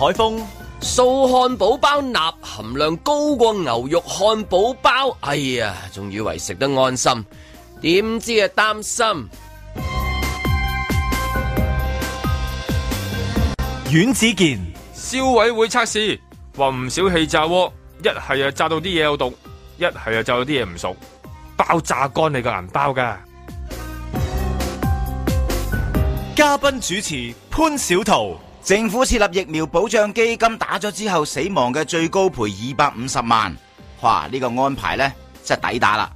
海風素漢堡包鈉含量高過牛肉漢堡包，哎呀，仲以為食得安心，點知啊擔心。阮子健消委會測試話唔少氣炸鍋，一係啊炸到啲嘢有毒，一係啊炸到啲嘢唔熟，爆炸乾你個銀包噶。嘉賓主持潘小桃。政府設立疫苗保障基金，打咗之後死亡嘅最高賠二百五十萬，嘩呢個安排咧，真係抵打啦！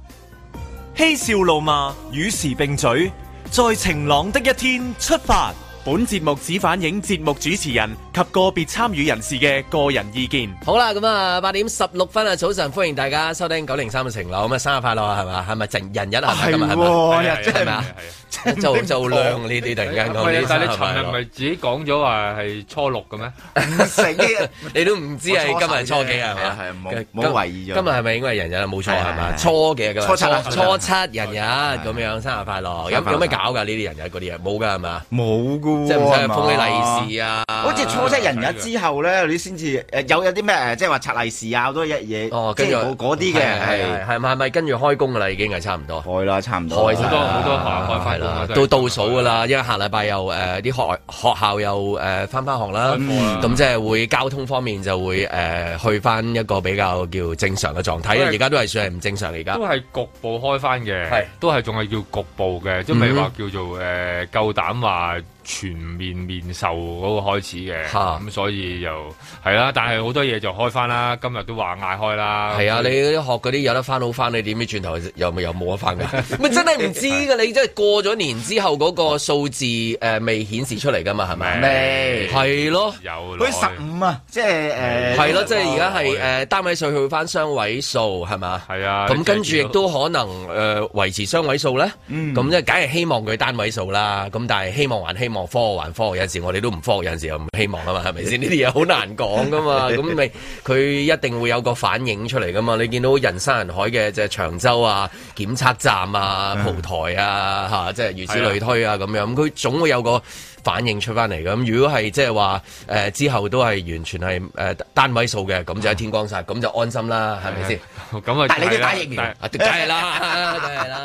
嬉笑怒罵與時並舉，在晴朗的一天出發。本節目只反映節目主持人及個別參與人士嘅個人意見。好啦，咁啊八點十六分啊，早晨歡迎大家收聽九零三嘅晴朗。咁啊，生日快樂啊，係嘛？係咪？人日啊？係喎，又即係咩啊？即係周周孃呢啲突然間講啲，但係你尋日唔係自己講咗話係初六嘅咩？死你都唔知係今日初幾啊？係嘛？冇冇懷疑咗。今日係咪應該係人日啊？冇錯啊？係嘛？初幾啊？初七初七人日咁樣生日快樂。有有咩搞㗎？呢啲人日嗰啲嘢冇㗎係嘛？冇㗎喎。即係唔使去送啲利是啊！好似初即係人日之後咧，你先至誒有有啲咩誒，即係話拆利是啊，都多嘢嘢。哦，跟住嗰啲嘅，係係咪跟住開工噶啦？已經係差唔多開啦，差唔多。開好多好多行開翻工，都倒數噶啦。因為下禮拜又誒啲學學校又誒翻翻學啦。咁即係會交通方面就會誒去翻一個比較叫正常嘅狀態。而家都係算係唔正常嚟。而家都係局部開翻嘅，係都係仲係叫局部嘅，即係唔係話叫做誒夠膽話。全面面授嗰個開始嘅，咁所以又係啦。但係好多嘢就開翻啦，今日都話嗌開啦。係啊，你嗰啲學嗰啲有得翻好翻，你點知轉頭又咪又冇得翻㗎？咪真係唔知㗎，你即係過咗年之後嗰個數字誒未顯示出嚟㗎嘛？係咪未？係咯，有佢十五啊，即係誒，係咯，即係而家係誒單位數，去會翻雙位數係嘛？係啊，咁跟住亦都可能誒維持雙位數咧。咁即係梗係希望佢單位數啦。咁但係希望還希望。科學還科學，有陣時我哋都唔科學，有陣時又唔希望啊 嘛，係咪先？呢啲嘢好難講噶嘛，咁咪佢一定會有個反應出嚟噶嘛。你見到人山人海嘅即係長洲啊、檢測站啊、蒲台啊嚇，即係 如此類推啊咁樣，佢總會有個。反映出翻嚟咁，如果係即係話誒之後都係完全係誒單位數嘅，咁就天光晒，咁就安心啦，係咪先？咁啊，但係你要打疫苗，梗係啦，梗係啦。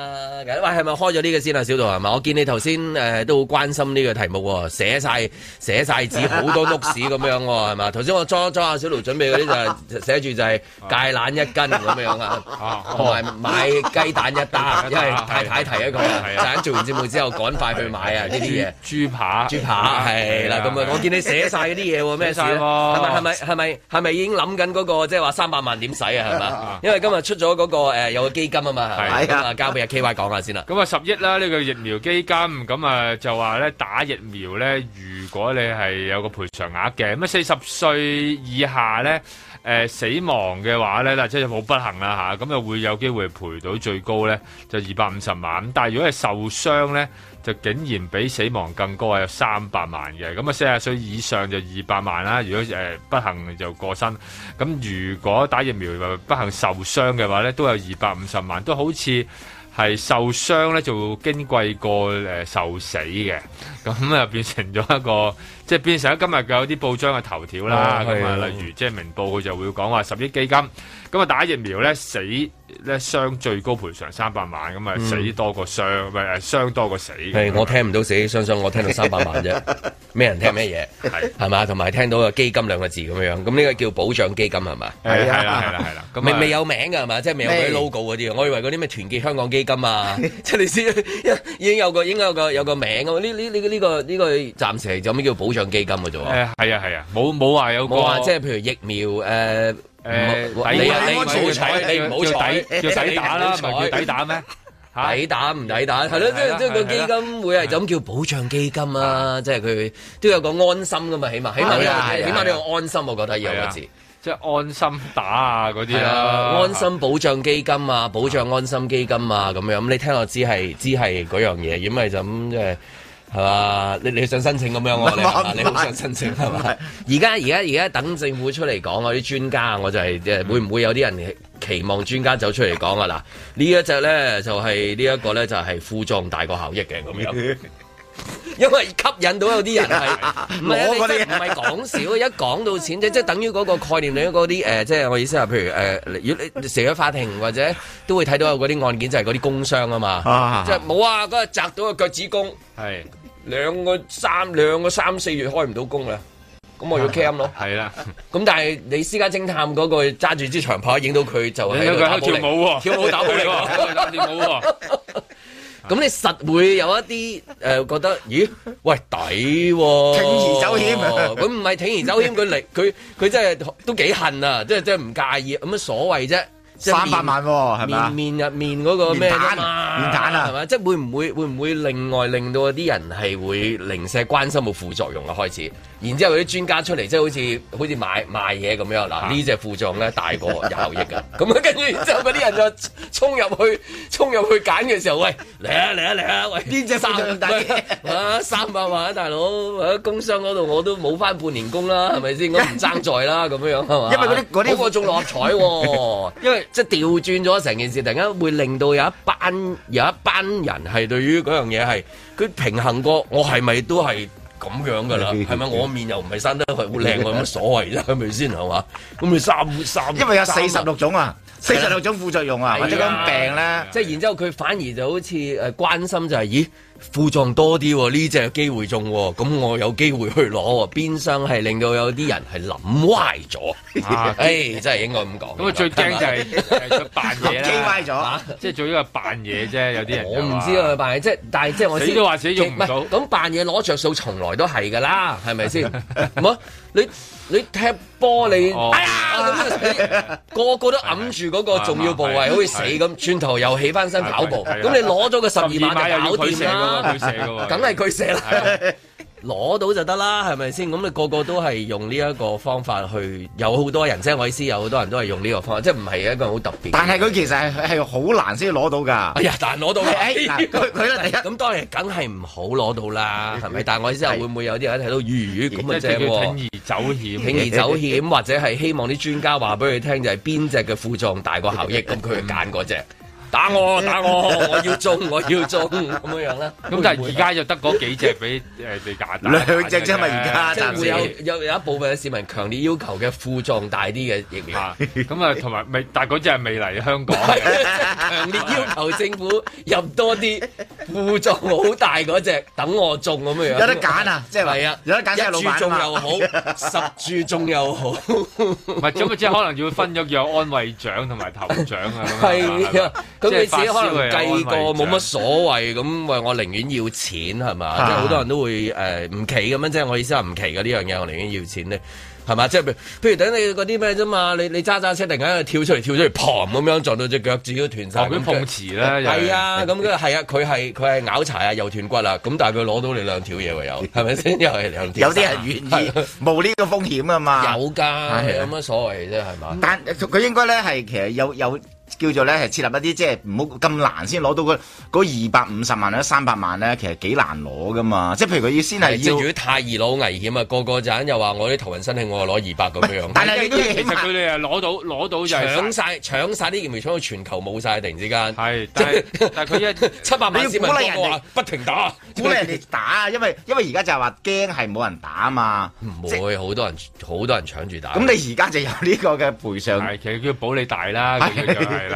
喂，係咪開咗呢個先啊，小杜係咪？我見你頭先誒都好關心呢個題目，寫曬寫晒紙好多碌屎咁樣喎，係嘛？頭先我裝裝下小杜準備嗰啲就寫住就係芥蘭一斤咁樣啊，同埋買雞蛋一打，因為太太提一句啊，陣間做完節目之後趕快去買啊呢啲嘢，豬扒。豬扒係啦，咁啊，我見你寫晒啲嘢喎，咩事喎？係咪係咪係咪係咪已經諗緊嗰個即係話三百萬點使啊？係咪？因為今日出咗嗰個誒有個基金啊嘛，咁啊交俾阿 KY 講下先啦。咁啊十億啦，呢個疫苗基金，咁啊就話咧打疫苗咧，如果你係有個賠償額嘅，咁啊四十歲以下咧誒死亡嘅話咧，嗱即係冇不幸啦嚇，咁啊會有機會賠到最高咧就二百五十萬，但係如果係受傷咧，就竟然比死亡更高，有三百萬嘅。咁啊，四十歲以上就二百萬啦。如果誒、呃、不幸就過身，咁如果打疫苗不幸受傷嘅話呢，都有二百五十萬，都好似係受傷呢，就矜貴過受死嘅，咁啊變成咗一個。即係變成今日嘅有啲報章嘅頭條啦，咁啊，例如即係明報佢就會講話十億基金，咁啊打疫苗咧死咧傷最高賠償三百萬，咁啊、嗯、死多過傷，咪傷多過死。我聽唔到死傷傷，我聽到三百萬啫。咩人聽咩嘢？係係嘛？同埋聽到個基金兩個字咁樣樣，咁呢個叫保障基金係嘛？係啦係啦係啦， 未，未有名㗎係嘛？即係未有嗰啲 logo 嗰啲。我以為嗰啲咩團結香港基金啊， 即係你知已經有個應該有個有個名㗎嘛？呢呢呢個呢、呢個呢個暫時就咩叫保障？保障基金嘅啫喎，係啊係啊，冇冇話有，冇話即係譬如疫苗，誒誒，你你你唔好抵叫抵打啦，唔係叫抵打咩？抵打唔抵打，係咯，即係即係個基金會係咁叫保障基金啊，即係佢都有個安心噶嘛，起碼起碼啊，起碼你有安心，我覺得有個字，即係安心打啊嗰啲啦，安心保障基金啊，保障安心基金啊咁樣，咁你聽我知係知係嗰樣嘢，因為就咁即係。係嘛？你你想申請咁樣我你。你好想申請係咪？而家而家而家等政府出嚟講啊！啲專家我就係會唔會有啲人期望專家走出嚟講啊？嗱，呢一隻咧就係呢一個咧就係副作用大過效益嘅咁樣，因為吸引到有啲人係，我哋唔係講笑，一講到錢即係即係等於嗰個概念裏嗰啲誒，即係我意思係，譬如誒，如果成咗法庭或者都會睇到有嗰啲案件就係嗰啲工傷啊嘛，即係冇啊，嗰個砸到個腳趾公係。兩個三兩個三四月開唔到工啦，咁我要 cam 咯。係啦，咁但係你私家偵探嗰個揸住支長跑影到佢就係佢喺跳舞， 跳舞打鼓嚟㗎，打 跳舞打。咁 你實會有一啲誒、呃、覺得，咦？喂，抵喎、啊！鋌而走險、啊，咁唔係鋌而走險，佢嚟佢佢真係都幾恨啊！即係即係唔介意，有乜所謂啫、啊？三百萬喎、啊，係嘛？面面入面嗰個咩？面蛋，面蛋啊，係嘛、啊？即係會唔會會唔會另外令到啲人係會零舍關心冇副作用嘅、啊、開始？然之後啲專家出嚟，即係好似好似買賣嘢咁樣嗱，的隻呢隻副狀咧大過效益㗎。咁啊跟住之後啲人就衝入去，衝入去揀嘅時候，喂嚟啊嚟啊嚟啊！喂，邊隻三萬大 三百萬啊，大佬喺工商嗰度我都冇返半年工啦，係咪先？我唔爭在啦，咁 樣係嘛？因為嗰啲嗰啲，我中六合彩喎、哦。 因為即係調轉咗成件事，突然間會令到有一班有一班人係對於嗰樣嘢係佢平衡過，我係咪都係？咁樣噶啦，係咪？ 我面又唔係生得好靚，我有乜所謂啫，係咪先？係嘛？ 咁你三三，三因為有四十六種啊。四十六種副作用啊，啊或者咁病咧、啊，即係、啊就是、然之後佢反而就好似誒關心就係、是，咦，副作用多啲，呢只有機會中，咁我有機會去攞，邊箱係令到有啲人係諗歪咗，誒、啊，哎、真係應該咁講。咁啊，那我最驚就係扮嘢啦，記歪咗、 啊，即係做呢個扮嘢啫，有啲人。我唔知道佢扮嘢，即係但係即係我死都話自己用唔到。咁扮嘢攞着數，從來都係噶啦，係咪先？唔好 你。你踢波你的個個都揞住嗰個重要部位，好似死咁，的轉頭又起返身跑步。咁你攞咗、那個十二碼就搞掂啦，梗係佢射啦、那個！攞到就得啦，係咪先？咁、那、你個個都係用呢一個方法去，有好多人啫。我意思有好多人都係用呢個方法，即係唔係一個好特別。但係佢其實係好難先攞到㗎。哎、呀，但難攞到嘅。哎呀，佢咧第一咁 當,當然梗係唔好攞到啦，係咪？但係我意思係的會唔會有啲人睇到魚魚咁啊啫？鋌、就是、而走險，鋌而走險， 或者係希望啲專家話俾佢聽，就係邊隻嘅副作用大過效益，咁佢去揀嗰隻。嗯打我，打我，我要中，我要中，咁樣樣啦。咁但係而家就得嗰幾隻俾誒你揀，兩隻啫嘛，而家會有。有有一部分嘅市民強烈要求嘅負重大啲嘅疫苗。啊，咁啊，同埋未，但係嗰隻係未嚟香港。強烈要求政府入多啲負重好大嗰隻，等我中咁樣樣。有得揀啊？即係係啊！有得揀，一注中又好，十注中又好。唔係，咁啊，即係可能要分咗樣安慰獎同埋頭獎啊。係啊。咁你自己可能計過冇乜所謂，咁喂我寧願要錢係嘛？即係好多人都會誒唔騎咁樣，即、呃、係我意思係唔騎嘅呢樣嘢，我寧願要錢咧，係嘛？即係譬如等你嗰啲咩啫嘛？你你揸揸車突然間跳出嚟，跳出嚟旁咁樣撞到隻腳趾都斷晒。旁邊碰瓷啦，係啊？咁嘅係啊，佢係佢係咬柴啊，又斷骨啦。咁但係佢攞到你兩條嘢喎，又係咪先？又係兩條。有啲人願意冒呢個風險嘛啊嘛。有㗎、啊，有乜、啊、所謂啫？係嘛？但佢應該咧係其實有有。叫做咧係設立一啲即係唔好咁難先攞到個二百五十萬或者三百萬咧，其實幾難攞噶嘛。即係譬如佢要先係要太易攞危險啊！個個陣又話我啲頭暈身㷫，我攞二百咁樣，但係其實佢哋係攞到攞到就搶曬搶曬啲業務，搶到全球冇晒。突然之間。但係但係佢一七百萬市民不停打，鼓勵人哋打啊！因為因為而家就係話驚係冇人打嘛。唔會好多人好多人搶住打。咁你而家就有呢個嘅賠償。係，其實叫保你大啦。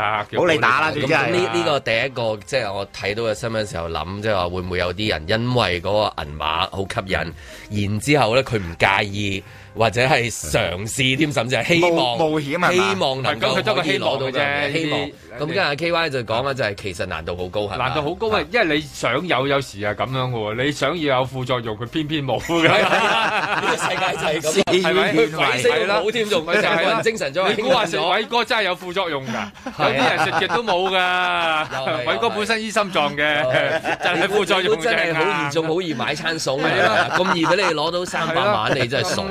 好，你打啦，咁呢呢個第一個即係、就是、我睇到嘅新聞時候諗，即係話會唔會有啲人因為嗰個銀碼好吸引，然之後咧佢唔介意。嗯或者係嘗試添，甚至係希望冒險，希望能夠可以攞到啫。希望咁跟住 K Y 就講啦，就係其實難度好高，難度好高啊！因為你想有，有時係咁樣嘅喎，你想要有副作用，佢偏偏冇嘅。呢個世界就係咁，係咪？鬼死冇添，仲係揾精神你估話食偉哥真係有副作用㗎？有啲人食極都冇㗎。偉哥本身醫心臟嘅，但係副作用，真係好嚴重，好易買餐餸咁易俾你攞到三百萬，你真係傻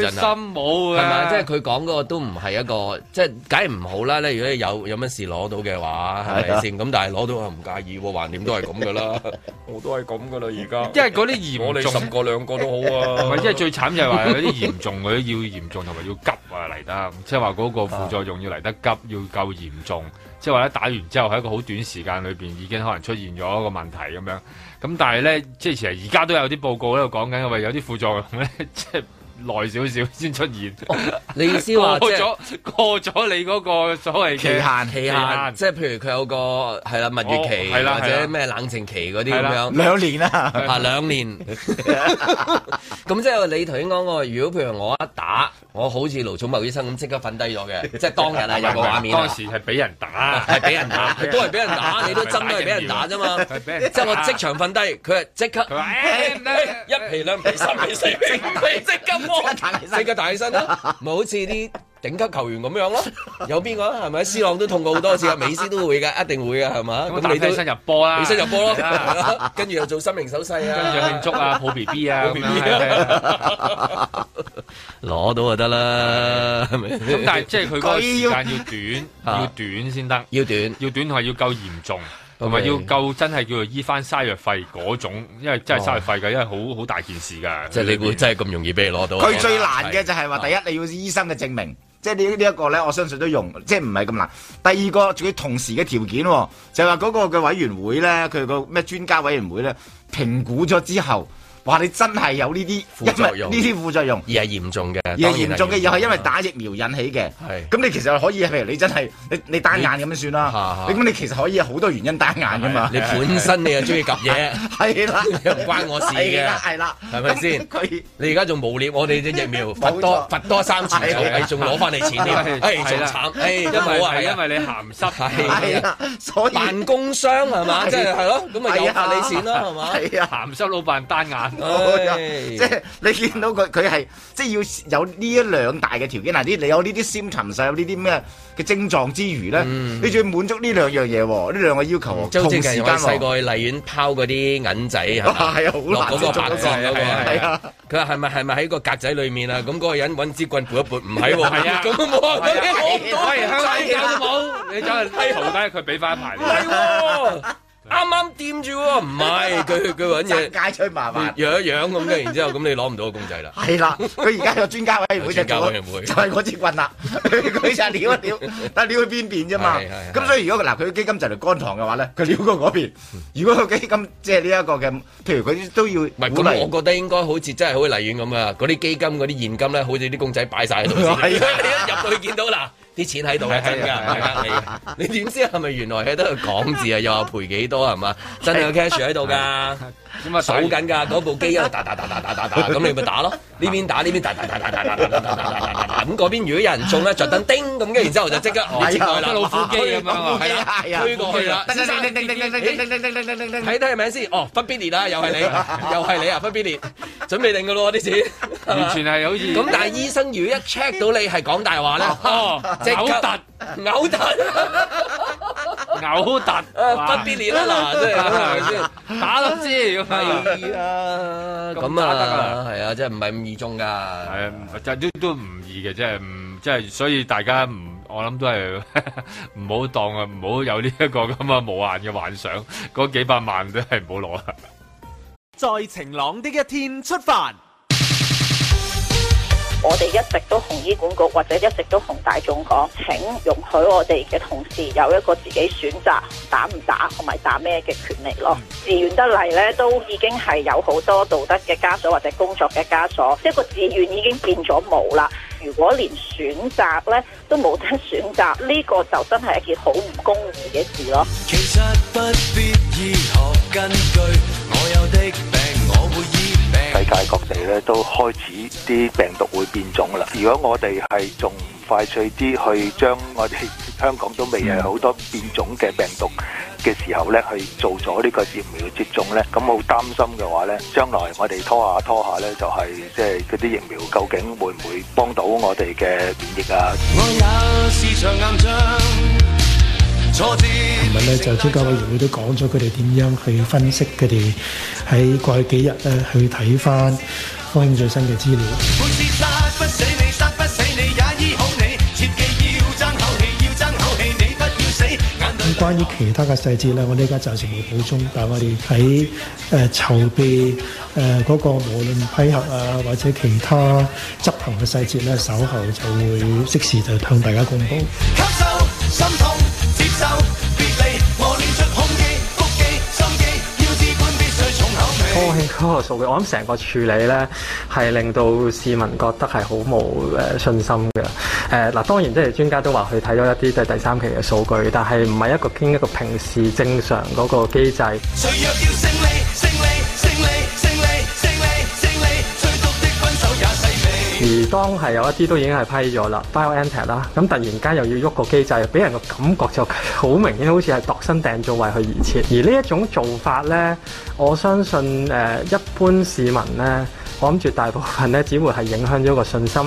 開心冇啊，係咪？即係佢講嗰個都唔係一個，即係梗係唔好啦。咧，如果你有有乜事攞到嘅話，係咪先？咁的但係攞到我唔介意，橫掂都係咁噶啦。 我都係咁噶啦，而家。因為嗰啲嚴我哋十個兩個都好啊。咪即係最慘就係話有啲嚴重嗰啲要嚴重同埋要急啊嚟得，即係話嗰個副作用要嚟得急，啊、要夠嚴重。即係話咧打完之後喺一個好短時間裏邊已經可能出現咗一個問題咁樣。咁但係咧，即係其實而家都有啲報告喺度講緊，喂有啲副作用咧，即係。耐少少先出現，你意思話過咗過咗你嗰個所謂期限期限，即係譬如佢有個係啦蜜月期或者咩冷靜期嗰啲咁樣，兩年啊，吓兩年。咁即係你頭先講過，如果譬如我一打，我好似盧寵茂醫生咁即刻瞓低咗嘅，即係當日係有個畫面，當時係俾人打，係俾人打，都係俾人打，你都真係俾人打啫嘛。即係我即場瞓低，佢係即刻一皮兩皮三皮四皮即刻。你個大身啦，咪好似啲頂級球員咁樣咯，有邊個係咪？C 朗都痛過好多次，美斯都會噶，一定會噶，係嘛？咁你都先入波啦，起身入波咯，跟住又做生命手勢啊，跟住又慶祝啊，抱 B B 啊，攞到就得啦。咁但係即係佢嗰個時間要短，要短先得，要短，要短係要夠嚴重。同埋要夠真係叫做醫翻嘥藥費嗰種，因為真係嘥藥費㗎，哦、因為好好大件事㗎。即係你會真係咁容易俾你攞到？佢最難嘅就係、是、話，是第一你要醫生嘅證明，即係呢呢一個咧，我相信都用，即係唔係咁難。第二個仲要同時嘅條件，就係話嗰個嘅委員會咧，佢個咩專家委員會咧，評估咗之後，話你真係有呢啲副作用，呢啲副作用而係嚴重嘅，而係嚴重嘅，又係因為打疫苗引起嘅。咁你其實可以，譬如你真係你你單眼咁樣算啦。咁你其實可以好多原因單眼噶嘛。你本身你又中意夾嘢，係啦，又唔關我事嘅，係啦，係咪先？你而家仲冇聊？我哋啲疫苗罰多罰多三次就仲攞翻你錢添。哎，仲慘，哎，因為係因為你鹹濕所以辦工傷係嘛，即係係咯，咁咪又你錢啦，係嘛，鹹濕老闆單眼。哦，即係你見到佢，佢係即係要有呢一兩大嘅條件，嗱啲你有呢啲先尋上有呢啲咩嘅症狀之餘咧，你仲要滿足呢兩樣嘢喎，呢兩個要求。周正勤，我細個去荔園拋嗰啲銀仔嚇，係啊，好難捉到嘅，係啊，佢係咪係咪喺個格仔裏面啊？咁嗰個人揾支棍撥一撥，唔係喎，係啊，咁冇啊，係有冇？你走係，好低佢俾翻牌。啱啱掂住喎，唔係佢佢揾嘢，街吹麻麻，養一樣咁嘅，然之後咁 你攞唔到個公仔啦。係啦，佢而家有專家委員會， 家委員會就係嗰支棍啦，佢 就撩一撩， 但係撩去邊邊啫嘛。咁所以如果嗱佢基金就嚟乾塘嘅話咧，佢撩過嗰邊。如果個基金即係呢一個嘅，譬如佢都要唔係咁，我覺得應該好似真係好似泥丸咁啊！嗰啲基金嗰啲現金咧，好似啲公仔擺晒喺度，一入 的 去見到嗱。啲錢喺度係真 你點知係咪原來喺度講字啊？ 又話賠幾多係嘛？真係有 cash 喺度㗎。 咁啊，數緊㗎，嗰部機又打打打打打打打，咁你咪打咯。呢邊打呢邊打打打打打打打打打打打，咁嗰邊如果有人中咧，就等叮咁嘅，然之後就即刻開台啦。老虎機咁樣啊，係啊，係啊，推過去啦。醫生，叮叮叮叮叮叮叮叮叮叮，睇睇個名先？哦，Fubini 啊，又係你，又係你啊，Fubini，準備定㗎咯啲錢。完全係好似。咁但係醫生如果一 check 到你係講大話咧，哦，嘔突，嘔突。牛突不必練啦，嗱，真係，打咪先咁都知，係啊，咁啊，係啊，即係唔係咁易中噶，係、啊，就都都唔易嘅，即係唔、嗯，即係所以大家唔，我諗都係唔好當啊，唔好有呢、這、一個咁啊無限嘅幻想，嗰幾百萬都係唔好攞啊！在晴朗的一天出發。我哋一直都同醫管局或者一直都同大眾講，請容許我哋嘅同事有一個自己選擇打唔打同埋打咩嘅權利咯。自願得嚟呢，都已經係有好多道德嘅枷鎖或者工作嘅枷鎖，即係個自願已經變咗冇啦。如果連選擇呢都冇得選擇，呢個就真係一件好唔公義嘅事咯。其實不必醫學根據，我有的。世界各地咧都開始啲病毒會變種啦。如果我哋係仲快脆啲去將我哋香港都未有好多變種嘅病毒嘅時候咧，去做咗呢個疫苗接種咧，咁好擔心嘅話咧，將來我哋拖下拖下咧、就係，就係即係嗰啲疫苗究竟會唔會幫到我哋嘅免疫啊？我有市場琴日咧就專家委員會都講咗佢哋點樣去分析佢哋喺過去幾日咧去睇翻方興最新嘅資料。關於其他嘅細節咧，我呢家暫時冇補充，但係我哋喺誒籌備誒、那、嗰個無論批核啊或者其他執行嘅細節咧，稍後就會即時就向大家公布。求求心痛高興嗰個數據，我諗成個處理咧係令到市民覺得係好冇誒信心嘅。誒，嗱，當然即係專家都話佢睇咗一啲即係第三期嘅數據，但係唔係一個經一個平時正常嗰個機制。而當係有一啲都已經係批咗啦 file ended 啦，咁突然間又要喐個機制，俾人個感覺就好明顯，好似係度身訂造為佢而設。而呢一種做法咧，我相信誒一般市民咧，我諗住大部分咧，只會係影響咗個信心。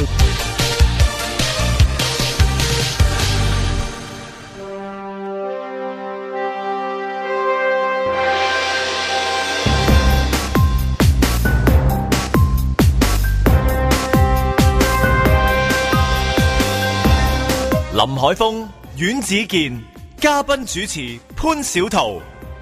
海峰、阮子健、嘉賓主持潘小濤，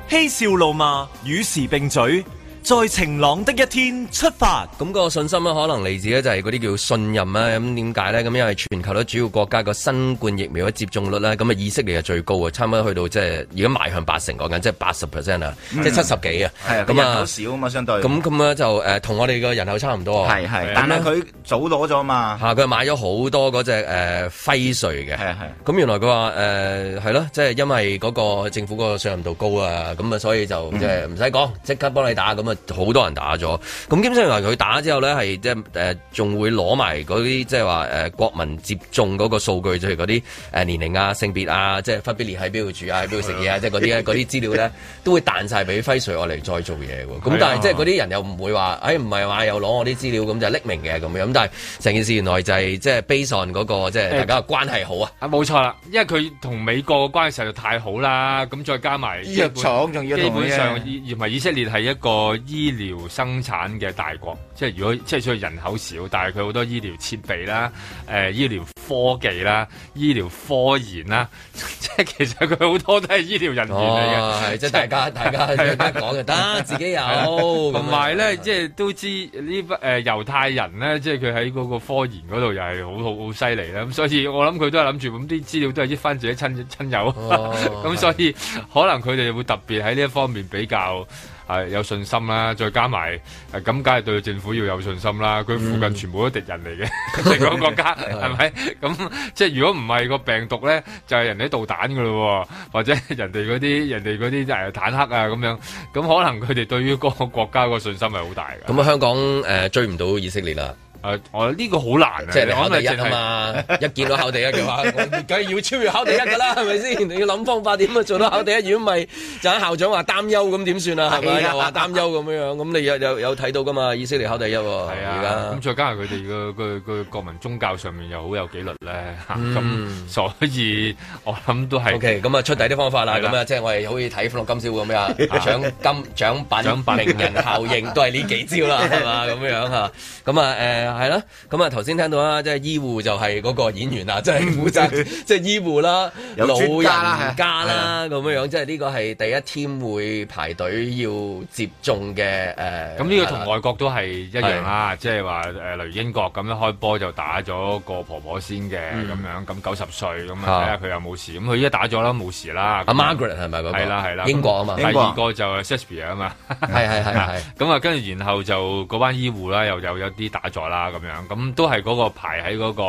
嬉笑怒罵，與時並舉。在晴朗的一天出發。咁個信心咧，可能嚟自咧就係嗰啲叫信任啊。咁點解呢？咁因為全球咧主要國家個新冠疫苗嘅接種率啦，咁啊以色列係最高啊，差唔多去到即係而家邁向八成，講緊即係八十 percent 啊，嗯、即係七十幾啊。係啊，人口少嘛，相對。咁咁咧就誒，同、呃、我哋嘅人口差唔多的啊。但係佢早攞咗嘛。佢買咗好多嗰隻誒輝瑞嘅。咁原來佢話誒係咯，即、呃、係、就是、因為嗰個政府個信任度高啊，咁啊所以就即係唔使講，即、嗯、刻幫你打咁好多人打咗，咁兼且話佢打之後呢，係即係誒，仲、呃、會攞埋嗰啲即係話誒，國民接種嗰個數據，即係嗰啲誒年齡啊、性別啊，即係分別列喺邊度住啊，喺邊度食嘢啊，啊即係嗰啲嗰啲資料呢，都會彈晒俾輝瑞我嚟再做嘢。咁、啊、但係即係嗰啲人又唔會話，誒唔係話又攞我啲資料咁就匿名嘅咁樣。咁但係成件事原來就係、是、即係 base on 嗰個即係大家嘅關係好啊。冇錯啦，因為佢同美國嘅關係實在太好啦。咁再加埋藥廠基本上而唔係以色列係一個。醫療生產嘅大國，即係如果即係所以人口少，但係佢好多醫療設備啦、誒、呃、醫療科技啦、醫療科研啦，即係其實佢好多都係醫療人員嚟嘅。即係、哦、大家、就是、大家 大家講就得，自己有，同埋咧即係都知呢啲誒猶太人咧，即係佢喺嗰個科研嗰度又係好好好犀利啦。咁所以我諗佢都係諗住咁啲資料都係益翻自己親親友，咁、哦、 所以是的 可能佢哋會特別喺呢一方面比較。係、啊、有信心啦，再加埋，咁梗係對政府要有信心啦。佢附近全部都敵人嚟嘅，成、嗯、 個國家係咪？咁即係如果唔係個病毒咧，就係、是、人哋導彈噶咯，或者人哋嗰啲人哋嗰啲誒坦克啊咁樣，咁可能佢哋對於個國家個信心係好大嘅。咁啊、嗯，香港誒、呃、追唔到以色列啦。誒，我呢個好難，即係你考第一嘛，一見到考第一嘅話，梗係要超越考第一噶啦，係咪先？你要諗方法點樣，做到考第一，如果唔係就喺校長話擔憂咁點算啊？係咪又話擔憂咁樣樣，咁你有有睇到噶嘛？以色列考第一，係啊，咁再加上佢哋個個個國民宗教上面又好有紀律咧，吓咁，所以我諗都係。O K，咁啊，出第啲方法啦，咁啊，即係我哋好似睇歡樂今宵咁樣，獎金獎品、名人效應都係呢幾招啦，係嘛咁樣樣吓，咁啊，誒。係啦，咁啊，頭先聽到啦，即係醫護就係嗰個演員啊，即係負責即係醫護啦，老人家啦，咁樣樣，即係呢個係第一天會排隊要接種嘅誒。咁呢個同外國都係一樣啦，即係話誒，例如英國咁樣開波就打咗個婆婆先嘅咁樣，咁九十歲咁樣，睇下佢有冇事。咁佢一打咗啦，冇事啦。阿 Margaret 係咪嗰個？係啦係啦，英國啊嘛。第二個就 Shakespeare 啊嘛。係係係係。咁啊，跟住然後就嗰班醫護啦，又又有啲打咗啦。咁樣咁都係嗰個排喺嗰個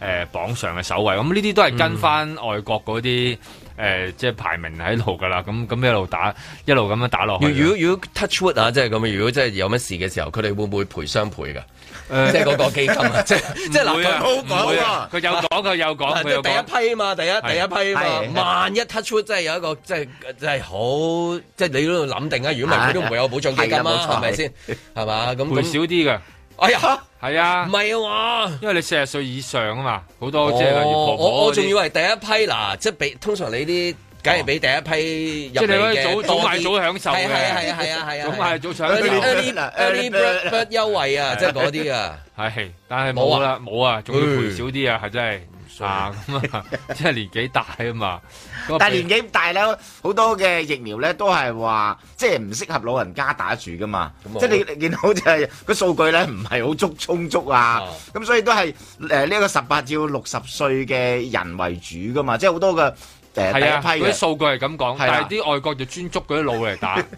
誒榜上嘅首位，咁呢啲都係跟翻外國嗰啲誒，即係排名喺度噶啦，咁咁一路打一路咁樣打落去。如果如果 touch wood 啊，即係咁如果即係有乜事嘅時候，佢哋會唔會賠雙倍噶？即係嗰個基金，即係即係好講佢有講佢有講佢有第一批啊嘛，第一第一批嘛，萬一 touch wood 真係有一個即係即係好，即係你喺度諗定啊，如果唔係，佢都唔會有保障基金啊，係咪先？係嘛，咁會少啲噶。哎呀，係啊，唔係啊嘛，因為你四十歲以上啊嘛，好多即係例如婆婆。我我仲以為第一批嗱，即係比通常你啲，梗係比第一批即係早早買早享受啊，係啊，係啊係啊。早買早享受。嗰啲嗰啲嗰啲嗰啲優惠啊，即係嗰啲啊，係，但係冇啦冇啊，仲要賠少啲啊，係真係。啊，咁 啊，即係年紀大啊嘛， 但係年紀大咧，好多嘅疫苗咧都係話，即係唔適合老人家打住噶嘛，即係你見到就係、是、個數據咧唔係好足充足啊，咁、哦、所以都係誒呢一個十八至六十歲嘅人為主噶嘛，即係好多嘅誒、呃啊、第一批嗰啲數據係咁講，啊、但係啲外國就專捉嗰啲老嚟打。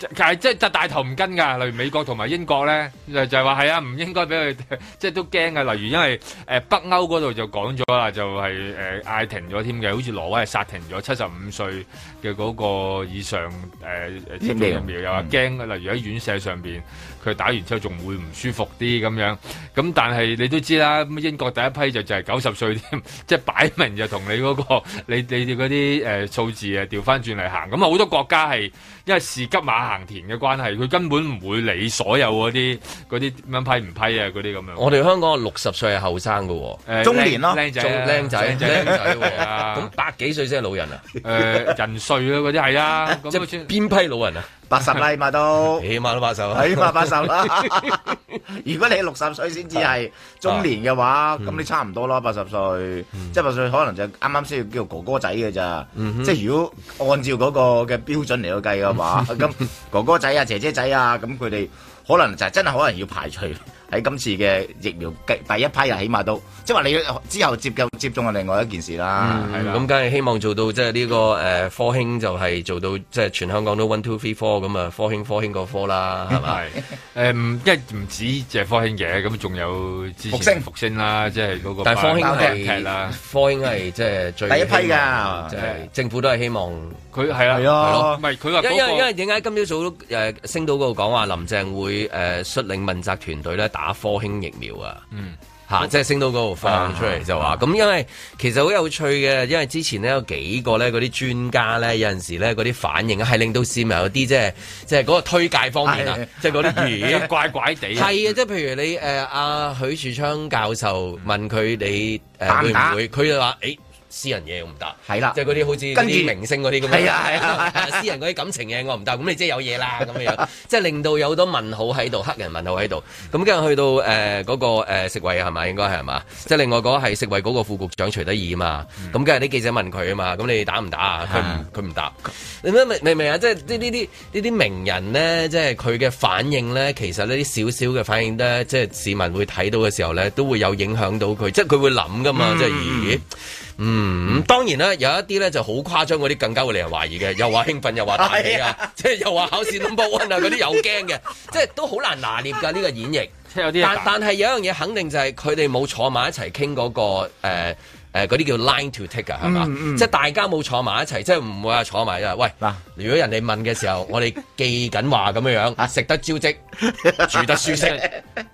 就係即係就大頭唔跟㗎，例如美國同埋英國咧，就就係話係啊，唔應該俾佢，即係都驚㗎。例如因為誒北歐嗰度就講咗啦，就係誒嗌停咗添嘅，好似挪威係殺停咗七十五歲嘅嗰個以上誒誒接種疫苗，又話驚，例如喺院舍上面。佢打完之後仲會唔舒服啲咁樣，咁但係你都知啦。英國第一批就就係九十歲添，即係擺明就同你嗰、嗰個你你哋嗰啲誒數字啊調翻轉嚟行。咁啊好多國家係因為事急馬行田嘅關係，佢根本唔會理會所有嗰啲嗰啲點樣批唔批啊嗰啲咁樣。我哋香港六十歲係後生嘅喎，呃、中年咯，靚仔啊，靚仔、啊，靚仔咁百幾歲先係老人啊？誒、呃、人瑞咯，嗰啲係啊。啊即邊批老人啊？八十例嘛都，起碼都八十啦。起碼八十啦。 如果你六十歲先至係中年嘅話，咁、啊啊、你差唔多咯。八十歲，即八十、嗯、歲可能就啱啱先要叫哥哥仔嘅咋。嗯、即係如果按照嗰個嘅標準嚟到計嘅話，咁、嗯、哥哥仔啊、 姐姐仔啊，咁佢哋可能就係真係可能要排除。喺今次嘅疫苗第一批啊，起碼都即係話你之後接夠接種係，另外一件事啦。咁梗係希望做到即係呢個誒、呃、科興就係做到即係、就是、全香港都 one two three four 咁啊，科興科興個科啦，係咪、 嗯？誒唔，因為唔止隻科興嘅。咁仲有復星復星啦，即係嗰個包科劇啦。科興係即係第一批㗎，即係、就是、政府都係希望。佢係啊，係啊，唔係佢話因因因為點解今朝早都誒星島嗰度講話林鄭會誒、呃、率領問責團隊咧打科興疫苗啊，嗯，嚇、啊、即係星島嗰度放出嚟就話，咁、啊嗯、因為其實好有趣嘅，因為之前呢，有幾個咧嗰啲專家咧有陣時咧嗰啲反應係令到市民有啲即係即係嗰個推介方面啊，即係嗰啲嘢怪怪地。係啊，即係、啊、譬如你誒阿、呃啊、許樹昌教授問佢你誒、呃、打會唔會，佢就話誒。哎私人嘢我唔答，係啦，即係嗰啲好似啲明星嗰啲咁樣，係啊係啊，私人嗰啲感情嘢我唔答，咁你即係有嘢啦咁樣，即係令到有好多問號喺度，黑人問號喺度。咁跟住去到誒嗰個誒食衞係嘛，應該係嘛，即係另外嗰個係食衞嗰個副局長徐德義啊嘛。咁跟住啲記者問佢啊嘛，咁你打唔打啊？佢唔佢唔答。你明唔明？明唔明啊？即係呢啲呢啲名人呢，即係佢嘅反應呢，其實呢啲小小嘅反應呢，即係市民會睇到嘅時候呢，都會有影響到佢，即係佢會諗噶嘛，即係咦。嗯，當然啦，有一啲咧就好誇張，嗰啲更加會令人懷疑嘅，又話興奮，又話大喜啊，即係 又話考試 number、no. one 啊，嗰啲又驚嘅， 即係都好難拿捏㗎呢、呢個演繹。 但 但係有一樣嘢肯定就係佢哋冇坐埋一齊傾嗰個、呃誒嗰啲叫 line to take 啊，係嘛、嗯嗯？即係大家冇坐埋一齊，即係唔會話坐埋。即係喂，麼如果人哋問嘅時候， 我哋記緊話咁樣樣，食得招積， 住得舒適，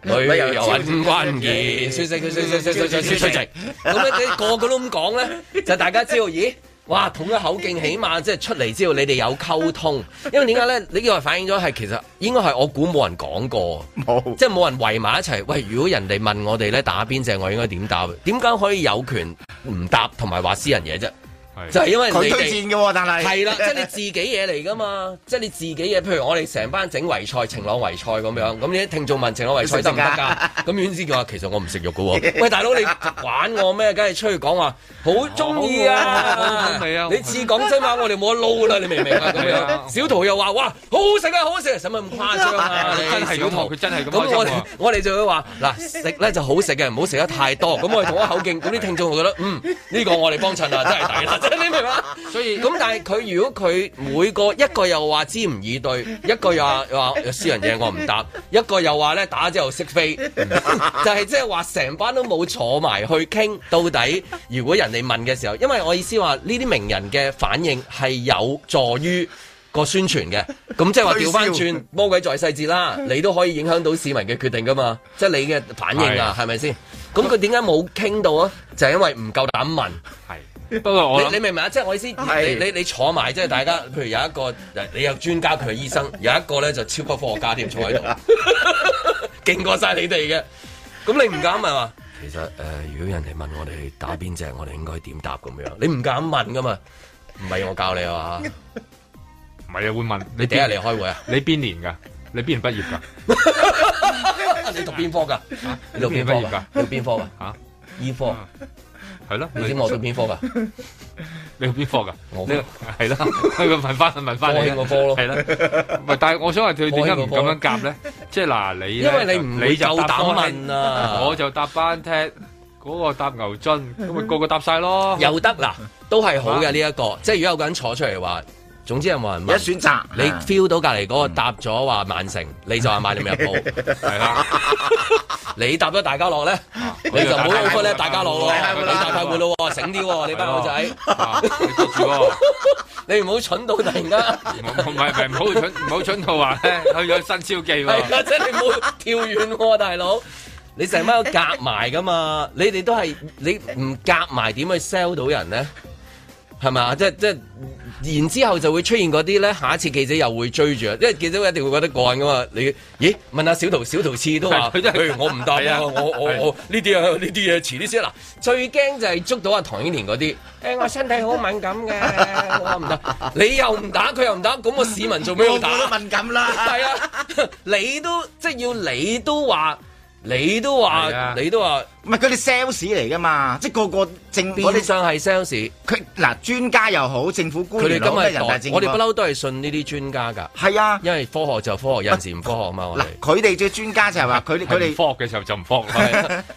旅遊又揾關鍵， 舒適舒適舒適舒適 舒咁樣 你個個都咁講咧， 就大家知道，咦？哇，統一口徑，起碼即係出嚟之後，你哋有溝通。因為點解咧？你又反映咗係其實應該係我估冇人講過，冇有，即係冇人圍埋一齊。喂，如果人哋問我哋咧打邊隻，我應該點答？點解可以有權唔答同埋話私人嘢啫？就係因為佢推薦嘅，但係係啦，即係你自己嘢嚟噶嘛，即係你自己嘢。譬如我哋成班整圍菜、晴朗圍菜咁樣，咁你啲聽眾問晴朗圍菜得唔得㗎？咁於是佢話其實我唔食肉嘅。喂，大佬你玩我咩？梗係出去講話，好中意啊！你似講真話，我哋冇得撈啦，你明唔明啊？咁樣小桃又話：哇，好好食啊，好好食，使乜咁誇張啊？係小桃，佢真係咁講。咁我哋就會話：嗱，食咧就好食嘅，唔好食得太多。咁我哋同一口徑，咁啲聽眾會覺得嗯呢個我哋幫襯啊，真係抵啦！ 你明嘛？所以咁， 但係佢如果佢每個一個又話知唔以對， 一個又話有私人嘢我唔答， 一個又話咧打之後識飛， 就係即係話成班都冇坐埋去傾。到底如果人哋問嘅時候，因為我意思話呢啲名人嘅反應係有助於個宣傳嘅。咁即係話調翻轉魔鬼在細節啦，你都可以影響到市民嘅決定噶嘛。即係你嘅反應啊，係咪先？咁佢點解冇傾到啊？就係因為唔夠膽問。 不過我你明唔明啊？即係我意思，你你你坐埋即係大家，譬如有一個，你有專家，佢係醫生，有一個咧就超級科學家添，坐喺度，勁過晒你哋嘅。咁你唔敢問啊？其實誒，如果人哋問我哋打邊隻，我哋應該點答咁樣？你唔敢問噶嘛？唔係我教你啊嘛？唔係啊，會問你第日嚟開會啊？你邊年噶？你邊年畢業噶？你讀邊科噶？你讀邊科噶？讀邊科噶？吓，醫科。係咯，你知我到邊科噶？你邊科噶？我係啦，佢問翻，問翻我興個科咯，係啦。咪但係我想話佢點解唔咁樣夾咧？即係嗱，你因為你唔理夠膽問啊，我就搭班踢嗰、那個搭牛津，咁、那、咪個個搭晒咯。 又得啦，都係好嘅呢一個。即係如果有個人坐出嚟話。總之係冇人一選擇，你 feel 到隔籬嗰個搭咗話曼城，你就話買咗入舖係啦。你搭咗大家樂咧，你就唔好辜負大家樂喎。你大快活咯，醒啲喎，你班老仔。你唔好蠢到突然間，唔係唔係唔好蠢，唔好蠢到話去咗新超記喎。即你唔好跳遠，大佬，你成班都夾埋噶嘛？你哋都係你唔夾埋，點去 sell 到人咧？係咪啊？即即然之後就會出現嗰啲咧，下一次記者又會追住，因為記者一定會覺得過癮噶嘛。你，咦？問下小圖，小圖次都話佢真係我唔得啊！我的我我呢啲啊呢啲嘢，遲啲先嗱。最驚就係捉到阿唐英年嗰啲，哎。我身體好敏感嘅，我唔得。 你又唔打，佢又唔打，咁，個市民做咩要打？我 敏感啦。係啊，你都即係要你都話。你都話，啊、你都話，唔係佢哋 sales 嚟噶嘛？即係個個正變相係 sales。佢嗱專家又好，政府官員，佢哋今日人大，我哋不嬲都係信呢啲專家㗎。係啊，因為科學就科學，有時唔科學嘛。嗱，佢哋嘅係專家就係話，佢哋佢哋，科學嘅時候就唔科學。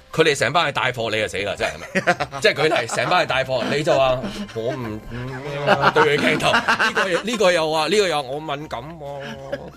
佢哋成班係帶貨，你就死啦！真係，即係佢哋成班係帶貨，你就話我唔對佢鏡頭。呢、這個呢、這個又話，呢、這個又我敏感、啊。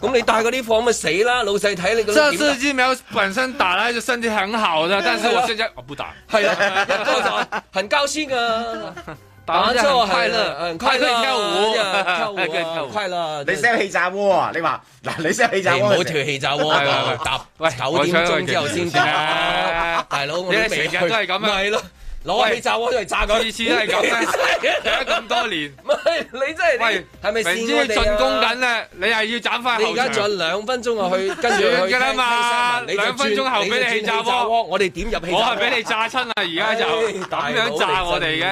咁 你帶嗰啲貨，咪死啦！老細睇你個點？即係知？淼本身打咧就身體很好嘅，但係我現在， 我不打。係啦、啊，很高、 啊、先啊！ 打完之後快樂，嗯，快樂跳舞，跳舞，快樂。你識氣炸鍋啊？你話嗱，你識氣炸鍋？唔好調氣炸鍋啊！喂，九點鐘之後先啦，大佬，我哋成日都係咁樣。係咯。攞氣炸鍋都係炸佢，次次都係咁咧，打咁多年。唔係你真係，係咪先進攻緊咧？你係要斬翻後場。而家仲有兩分鐘啊，去跟住佢。轉噶啦嘛，兩分鐘後俾你氣炸鍋。我哋點入氣場？我係俾你炸親啊！而家就咁樣炸我哋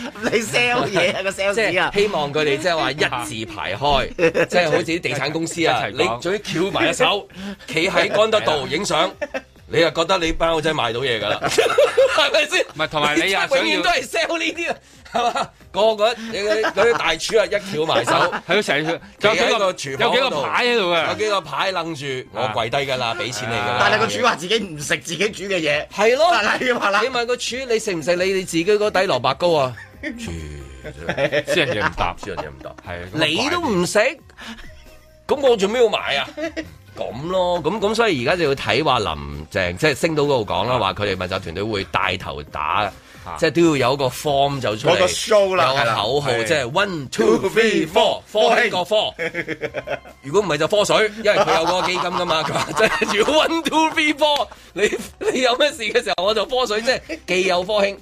嘅你。你 sell 嘢啊，個 sales 啊！即係希望佢哋即係話一字排開，即係好似啲地產公司啊，你最翹埋一手，企喺乾德道度影相。你又覺得你班好仔賣到嘢㗎啦，係咪先？唔係，同埋你呀永遠都係 sell 呢啲啊，係嘛？個個嗰啲大廚啊，一翹埋手，喺度成，有幾個廚，有幾個牌喺度啊，有幾個牌楞住，我跪低㗎啦，俾錢你㗎。但係個廚話自己唔食自己煮嘅嘢，係咯。你問個廚，你食唔食你你自己嗰底蘿蔔糕啊？廚，私人嘢唔答，私人嘢唔答。係，你都唔食，咁我做咩要買啊？咁咯，咁咁所以而家就要睇話林鄭，即係升到嗰度講啦，話佢哋密集團隊會帶頭打，啊、即係都要有一個 form 就出嚟，有個 show 啦，有個口號，即係 one two three four 科興個科。如果唔係就科水，因為佢有個基金噶嘛。佢話即係如果 one two three four，你你有咩事嘅時候我就科水啫，既有科興。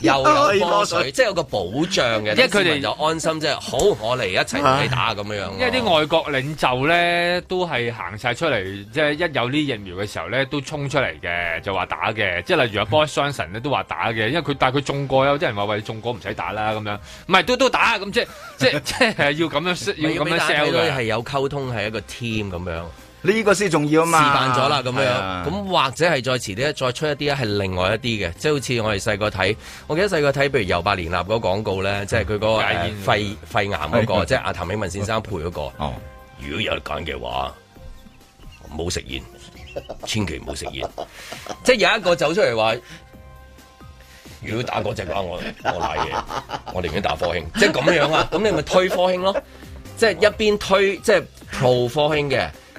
又有波水， 即係有個保障嘅，一佢哋就安心即係 好我嚟一齊同你打咁樣，因為啲外國領袖咧都係行晒出嚟，即係一有呢疫苗嘅時候咧都衝出嚟嘅，就話打嘅。即係例如阿 Boris Johnson 咧都話打嘅，因為佢但係佢中過有啲人話喂，你中過唔使打啦咁樣，唔係都都打咁即係即係即係要咁樣 要咁樣 sell 噶。係有溝通，係一個 team 咁樣。呢個先重要啊嘛！示範咗啦，咁樣咁是、啊、或者係再遲啲，再出一啲咧，係另外一啲嘅，即係好似我哋細個睇，我記得細個睇，譬如由八年立嗰個廣告咧，即係佢個肺、嗯、肺癌嗰、那個，是啊、即係阿譚美文先生配嗰、那個。嗯嗯、如果有得揀嘅話，冇食煙，千祈唔好食煙。 即係有一個走出嚟，話，如果打嗰隻嘅話，我我瀨嘢，我寧願打科興。即係咁樣啊？咁 你咪推科興咯？即係一邊推即係 pro 科興嘅。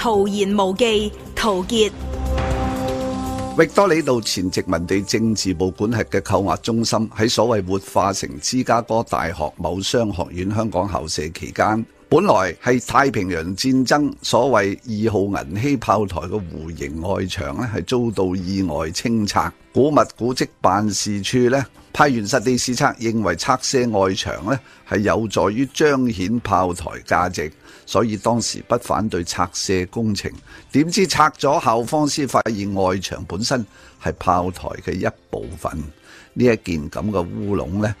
陶言無忌，陶傑。域多里道前殖民地政治部管轄嘅扣押中心喺所謂活化成芝加哥大學某商學院香港校舍期間，本來係太平洋戰爭所謂二號銀禧炮台嘅弧形外牆呢係遭到意外清拆。古物古蹟辦事處呢派員實地視察，認為拆卸外牆呢係有助於彰顯炮台價值。所以當時不反對拆卸工程，點知拆咗後方先發現外牆本身係炮台嘅一部分。呢一件咁嘅烏龍呢，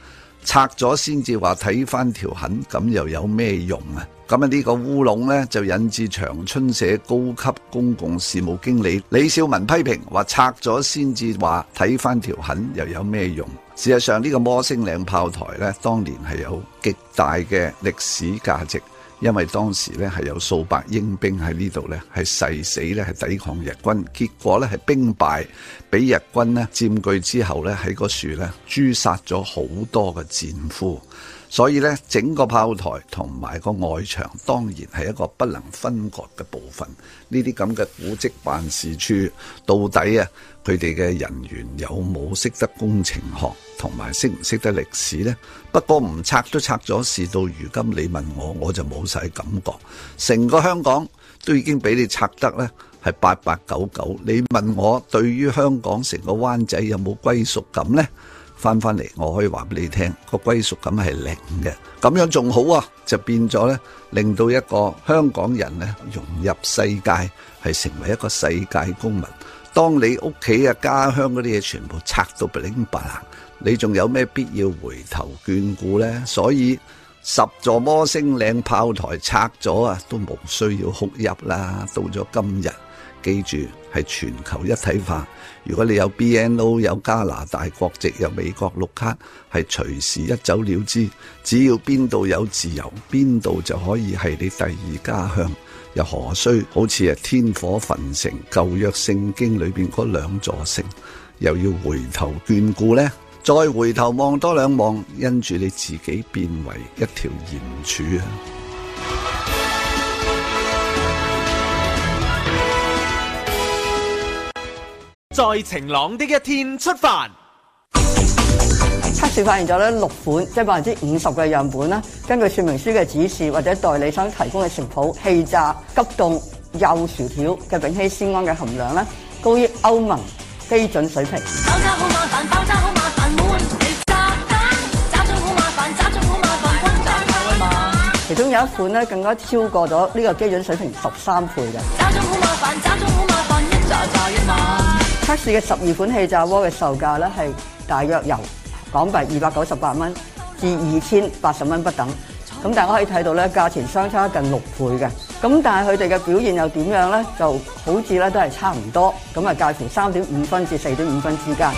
拆咗先至話睇翻條痕，咁又有咩用啊？咁啊呢個烏龍呢，就引致長春社高級公共事務經理李少文批評，話拆咗先至話睇翻條痕，又有咩用？事實上呢個摩星嶺炮台呢，當年係有極大嘅歷史價值。因為當時咧係有數百英兵喺呢度咧，係誓死咧係抵抗日軍，結果咧係兵敗，俾日軍咧佔據之後咧喺個樹咧誅殺咗好多嘅戰俘，所以咧整個炮台同埋個外牆當然係一個不能分割嘅部分。呢啲咁嘅古蹟辦事處到底啊？佢哋嘅人員有冇識得工程學同埋識唔識得歷史呢？不過唔拆都拆咗，事到如今你問我，我就冇晒感覺。成個香港都已經俾你拆得呢係八八九九。你問我對於香港成個灣仔有冇歸屬感呢？翻返嚟我可以話俾你聽，個歸屬感係零嘅。咁樣仲好啊，就變咗呢，令到一個香港人呢，融入世界，係成為一個世界公民。當你屋企嘅家鄉嗰啲嘢，全部拆到白八，你仲有咩必要回頭眷顧呢？所以十座摩星嶺炮台拆咗啊，都無需要哭泣啦。到咗今日，記住係全球一體化。如果你有 BNO、有加拿大國籍、有美國綠卡，係隨時一走了之。只要邊度有自由，邊度就可以係你第二家鄉。又何須好似係天火焚城舊約聖經裏邊嗰兩座城，又要回頭眷顧呢？再回頭望多兩望，因住你自己變為一條鹽柱啊！在晴朗的一天出發。測試發現咗咧六款即係百分之五十嘅樣本啦，根據說明書嘅指示或者代理商提供嘅食譜，氣炸急凍幼薯條嘅丙烯酰胺嘅含量咧高於歐盟基準水平。爆炸好麻煩，爆炸好麻煩，炸中好麻煩，炸中好麻煩。其中有一款咧更加超過咗呢個基準水平十三倍嘅。炸中好麻煩，炸中好麻煩，一炸炸一。測試嘅十二款氣炸鍋嘅售價咧係大約由。港幣二百九十八蚊至二千八十蚊不等，咁大家可以睇到咧，價錢相差近六倍嘅，咁但係佢哋嘅表現又點樣咧？就好似咧都係差唔多，咁啊價錢三點五分至四點五分之間。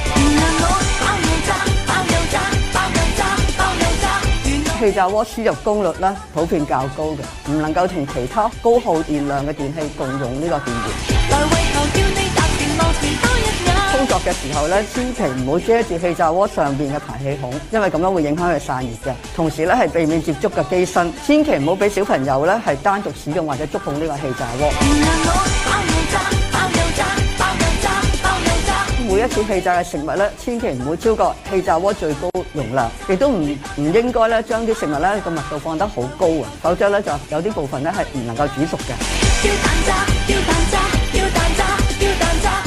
氣 炸鍋 輸入功率咧普遍較高嘅，唔能夠同其他高耗電量嘅電器共用呢個電源。 操作嘅時候咧，千祈唔好遮住氣炸鍋上邊嘅排氣孔，因為咁樣會影響佢散熱嘅。同時咧，係避免接觸嘅機身，千祈唔好俾小朋友咧係單獨使用或者觸碰呢個氣炸鍋。每一次氣炸嘅食物咧，千祈唔好超過氣炸鍋最高容量，亦都唔唔應該咧將啲食物咧嘅密度放得好高啊，否則咧就有啲部分咧係唔能夠煮熟嘅。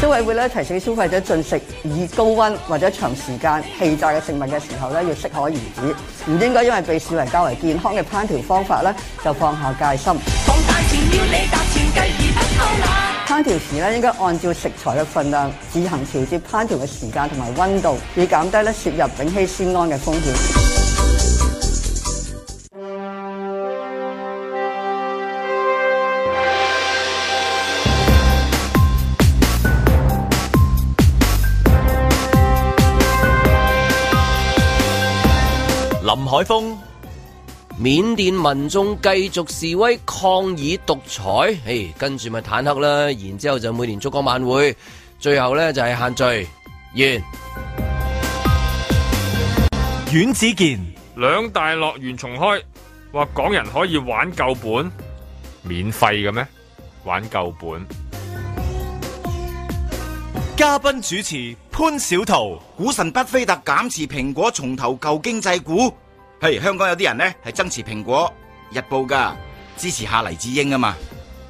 消委會咧提醒消費者進食以高溫或者長時間氣炸嘅食物嘅時候咧，要適可而止，唔應該因為被視為較為健康嘅烹調方法咧，就放下戒心。烹調時咧，應該按照食材嘅份量，自行調節烹調嘅時間同埋溫度，以減低咧攝入丙烯酰胺嘅風險。海風，緬甸民眾繼續示威抗議獨裁，誒，跟住咪坦克啦，然之後就每年燭光晚會，最後呢，就係限聚完。阮子健，兩大樂園重開，話港人可以玩夠本，免費嘅咩？玩夠本。嘉賓主持潘小濤，股神巴菲特減持蘋果，重投舊經濟股。係香港有啲人咧，係爭持蘋果日報噶，支持下黎智英啊嘛，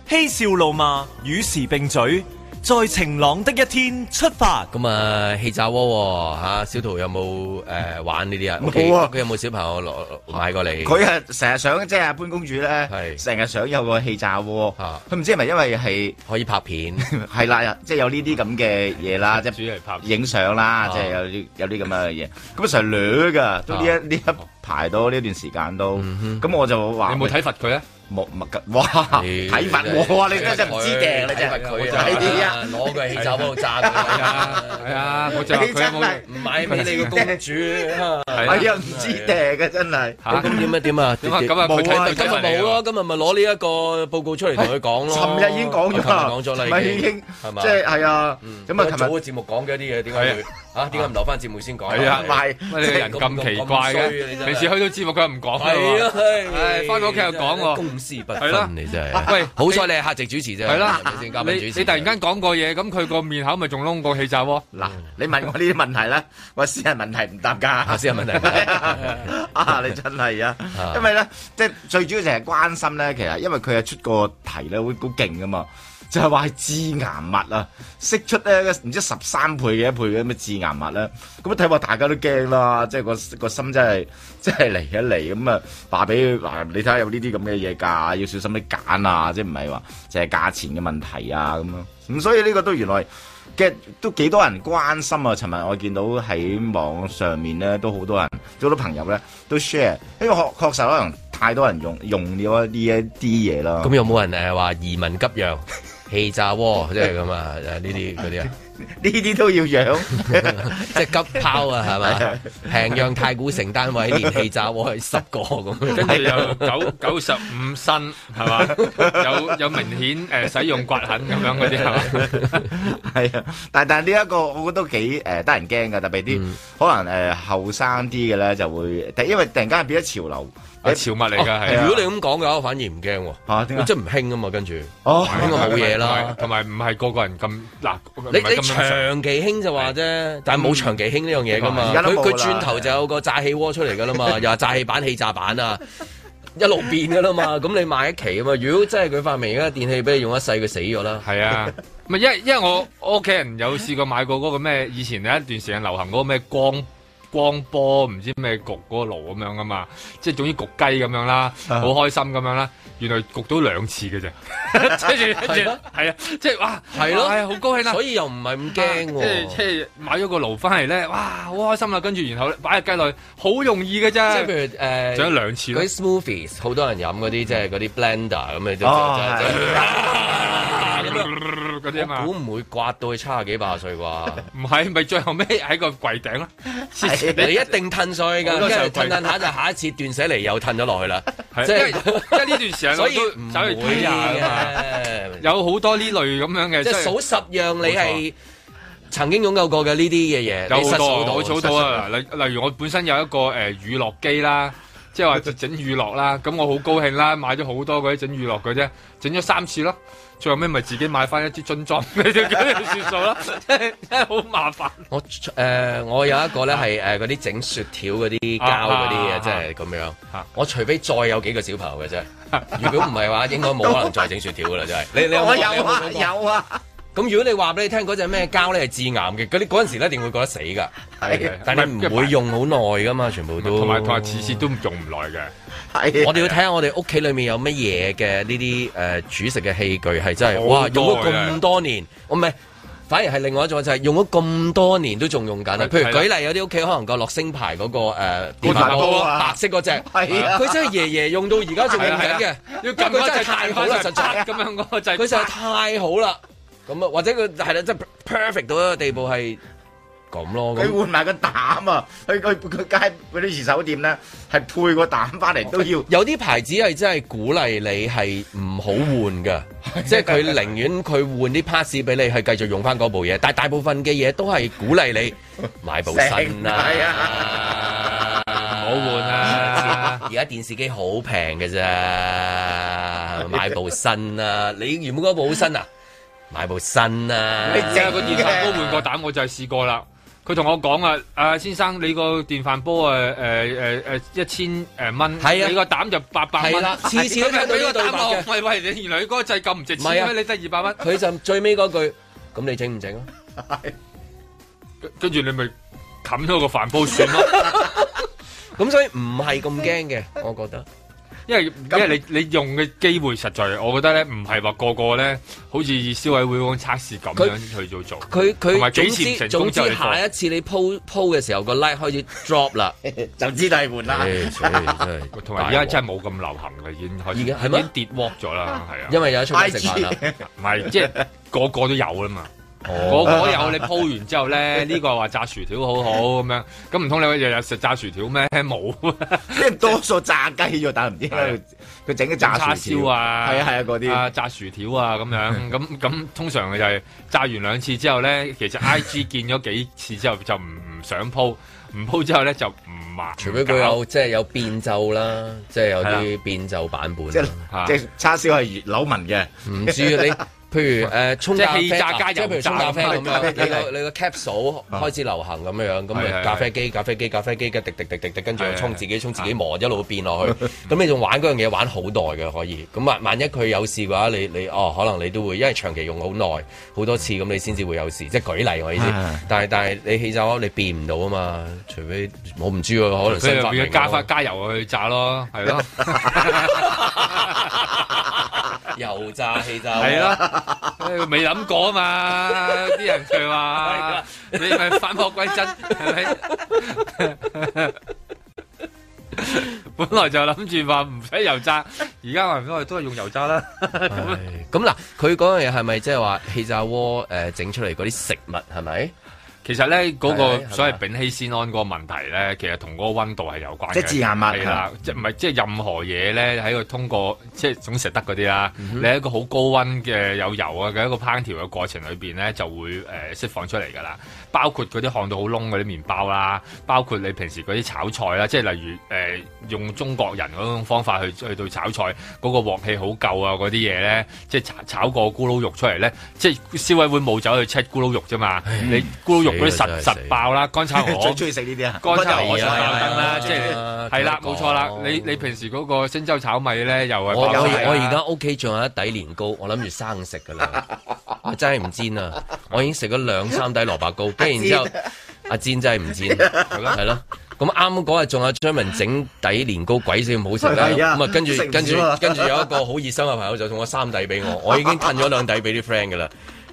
嬉笑怒罵與時並舉。在晴朗的一天出發。咁啊，氣炸鍋嚇，小圖有冇誒玩呢啲啊？冇啊！佢有冇小朋友落買過嚟？佢啊，成日想即係搬公主咧，成日想有個氣炸鍋。佢唔知係咪因為係可以拍片？係啦，即係有呢啲咁嘅嘢啦，即係影相啦，即係有啲有啲咁嘅嘢。咁成日掠噶，都呢一呢一排多呢一段時間都。咁我就話你冇體罰佢啊！物物嘅哇，睇物哇！你真係唔知掟啦，真係睇啲啊，攞個氣球喺度炸佢㗎，係啊！我就話佢真係唔買俾你個公主，係啊，唔知掟嘅真係。咁點啊？點啊？點啊？咁啊，今日冇咯，今日咪攞呢一個報告出嚟同佢講咯。尋日已經講咗啦，咪已經，即係係啊，咁啊，早嘅節目講嘅一啲嘢，點解佢？嚇點解唔留翻節目先講？係啊，唔係你個人咁奇怪嘅，平時去到節目佢又唔講啊，返到屋企又講喎，公私不分你真係。喂，好彩你係客席主持啫，係啦。你你突然間講過嘢，咁佢個面口咪仲窿個氣罩喎？嗱，你問我呢啲問題咧，我私人問題唔答㗎。私人問題啊，你真係啊，因為咧，即係最主要就係關心咧，其實因為佢係出個題咧，會好勁噶嘛。就係話係致癌物啊！釋出咧唔知十三倍嘅一倍嘅咩致癌物咧，咁睇話大家都驚啦，即係個個心真係真係嚟一嚟咁啊！話俾嗱，你睇下有呢啲咁嘅嘢㗎，要小心啲揀啊！即係唔係話淨係價錢嘅問題啊咁咯？咁所以呢個都原來嘅都幾多人關心啊！尋日我見到喺網上面咧都好多人，好多朋友咧都 share，因為確確實可能太多人用用咗呢一啲嘢啦。咁有冇人誒話移民急藥？氣炸鍋即係咁啊！呢啲呢啲都要養，即係急拋啊，係咪？平壤太古城單位連氣炸鍋係十個咁，跟住有九九十五新，係嘛？ 有有明顯誒、呃、使用刮痕咁樣嗰啲係嘛？係 啊，但但係呢一個我覺得都幾誒、呃、得人驚噶，特別啲、嗯、可能誒後生啲嘅咧就會，因為突然間變咗潮流。係、啊、潮物嚟噶，係、哦啊、如果你咁講嘅話，我反而唔驚喎。吓、啊，佢真係唔興啊嘛，跟住哦，應該冇嘢啦。同埋唔係個個人咁嗱，你你長期興就話啫，對 但係冇長期興呢樣嘢噶嘛。佢佢轉頭就有個炸氣鍋出嚟噶啦嘛， 又話炸氣板、氣炸板啊，一路變噶啦嘛。咁你買一期啊嘛，如果真係佢發明而家電器俾你用一世，佢死咗啦。係啊，係因為因為我屋企人有試過買過嗰個咩，以前咧一段時間流行嗰個咩光。光波唔知咩焗嗰個爐咁樣噶嘛，即係總之焗雞咁樣啦，好開心咁樣啦，原來焗到兩次嘅啫，係住，係啊，即係哇，係咯，係啊，好高興啦，所以又唔係咁驚，即係即係買咗個爐翻嚟咧，哇，好開心啦，跟住然後咧擺入雞內，好容易嘅啫，即係譬如誒，整咗兩次嗰啲 smoothies 好多人飲嗰啲即係嗰啲 blender 咁嘅，哦，嗰啲啊，估唔會刮到去差幾百歲啩，唔係，咪最後尾喺個櫃頂咯。你一定褪晒㗎，跟住褪褪下就下一次斷捨離又褪咗落去啦。即係即係呢段時間，所以唔會啊嘛。有好多呢類咁樣嘅，即係數十樣你係曾經擁有過嘅呢啲嘅嘢。有好多我數到啦，嗱，例例如我本身有一個誒娛樂機啦，即係話整娛樂啦，咁我好高興啦，買咗好多嗰啲整娛樂嘅啫，整咗三次咯。最後尾咪自己買翻一啲樽裝嘅算數啦，真係真係好麻煩。我誒、呃、我有一個咧係嗰啲整雪條嗰啲膠嗰啲嘅，即係咁樣。啊、我除非再有幾個小朋友嘅啫，如果唔係話，啊、應該冇可能再整雪條噶啦，真、就、係、是。你你有冇？我有啊！有，有，嗰個、有啊！咁如果你話俾你聽嗰隻咩膠咧係致癌嘅，嗰啲嗰陣時一定會覺得死噶係，但係唔會用好耐噶嘛，全部都同埋同埋次次都用唔耐嘅，係。我哋要睇下我哋屋企裏面有乜嘢嘅呢啲誒，煮食嘅器具係真係哇，用咗咁多年，我唔係，反而係另外一種就係用咗咁多年都仲用緊。譬如舉例有啲屋企可能個樂星牌嗰個誒電飯煲啊，白色嗰隻，佢真係爺爺用到而家仲用緊嘅，因為佢真係太好啦，實咁樣嗰個，就係佢太好啦。咁啊，或者佢係啦，即係 perfect 到一個地步係咁咯。佢換埋個膽啊！佢佢佢街嗰啲二手店咧，係配個膽翻嚟都要。有啲牌子係真係鼓勵你係唔好換噶，即係佢寧願佢換啲 parts 俾你，係繼續用翻嗰部嘢。但係大部分嘅嘢都係鼓勵你買部新啦，係啊，唔好換啦。而家電視機好平嘅啫，買部新啦。你原本嗰部好新啊？買部新啊，啦、啊，個電飯煲換個膽我就試過啦。佢同我講啊，先生你個電飯煲，呃呃呃、啊，誒誒誒一千誒蚊，你個膽就八百蚊。次次都係俾個膽、啊、我，唔係喂，你原來嗰個掣咁唔值錢咩？你得二百蚊。佢就最尾嗰句，咁 你整唔整啊？啊」跟跟住你咪冚咗個飯煲算咯。咁 所以唔係咁驚嘅，我覺得。因為因為你你用嘅機會實在，那我覺得咧唔係話個個咧好似消委會咁測試咁樣去做做。佢佢同埋總之，之總之下一次你鋪 o 嘅時候那個 like 開始 drop 啦，就知係換啦。同埋而家真係冇咁流行啦，已經始在嗎已跌 walk 咗啦，啊。因為有出嚟食飯啦。唔係即係個個都有啊嘛。我、哦、有你鋪完之後咧，呢 個話炸薯條好好咁樣，咁唔通你日日食炸薯條咩？冇，即係多數炸雞我、啊、但唔知，佢整啲炸叉燒啊，啊係啊嗰啲啊炸薯條啊咁樣，咁咁 通常就係炸完兩次之後咧，其實 IG 見咗幾次之後就唔想鋪，唔鋪之後咧就唔話。除非佢有即係、就是、有變奏啦，即係 有啲變奏版本啦、啊。即、就、係、是、叉燒係扭紋嘅，唔至於你。 譬如誒，沖氣炸加油炸咁樣，你個你個 capsule 開始流行咁樣，咁咖啡機、咖啡機、咖啡機跟住又沖自己沖自己磨一路變落去。咁你仲玩嗰樣嘢玩好耐嘅可以。咁啊，萬一佢有事嘅話，你你哦，可能你都會因為長期用好耐好多次，咁你先至會有事。即係舉例我意思。但係但係你氣炸，你變唔到啊嘛。除非我唔知啊，可能佢加翻加油去炸咯，係咯。油炸氣炸係啦，未諗過吖嘛？啲人佢話你咪返璞歸真，係咪？本來就諗住話唔使油炸，而家話唔可以都係用油炸啦。咁咁嗱，佢嗰樣嘢係咪即係話氣炸鍋誒整出嚟嗰啲食物係咪？其實咧嗰、那個所謂丙烯酰胺嗰個問題咧，其實同嗰個温度係有關嘅。即係致癌物係啦，即唔係即任何嘢咧喺個通過即係總食得嗰啲啦。嗯、哼你喺個好高温嘅有油啊嘅一個烹調嘅過程裏面咧，就會誒、呃、釋放出嚟㗎啦。包括嗰啲烘到好燶嗰啲麵包啦，包括你平時嗰啲炒菜啦，即係例如、呃、用中國人嗰種方法去去到炒菜嗰、那個鑊氣好夠啊嗰啲嘢咧，即係炒,炒過個咕嚕肉出嚟咧，即係消委會冇走去切咕嚕肉啫嘛，嗯、你咕嚕肉。嗰啲實實爆啦，乾炒河我最中意食呢啲啊，乾炒河啊，爆燈啦，即係係啦，冇錯啦。你你平時嗰個星洲炒米咧，又係我我而家屋企仲有一底年糕，我諗住生食噶啦，真係唔煎啊！我已經食咗兩三底蘿蔔糕，跟然之後阿煎真係唔煎，係咯係咯。咁啱嗰日仲有張文整底年糕，鬼死咁好食啦。咁啊，跟住跟住跟住有一個好熱心嘅朋友就送咗三底俾我，我已經吞咗兩底俾啲 friend 噶啦，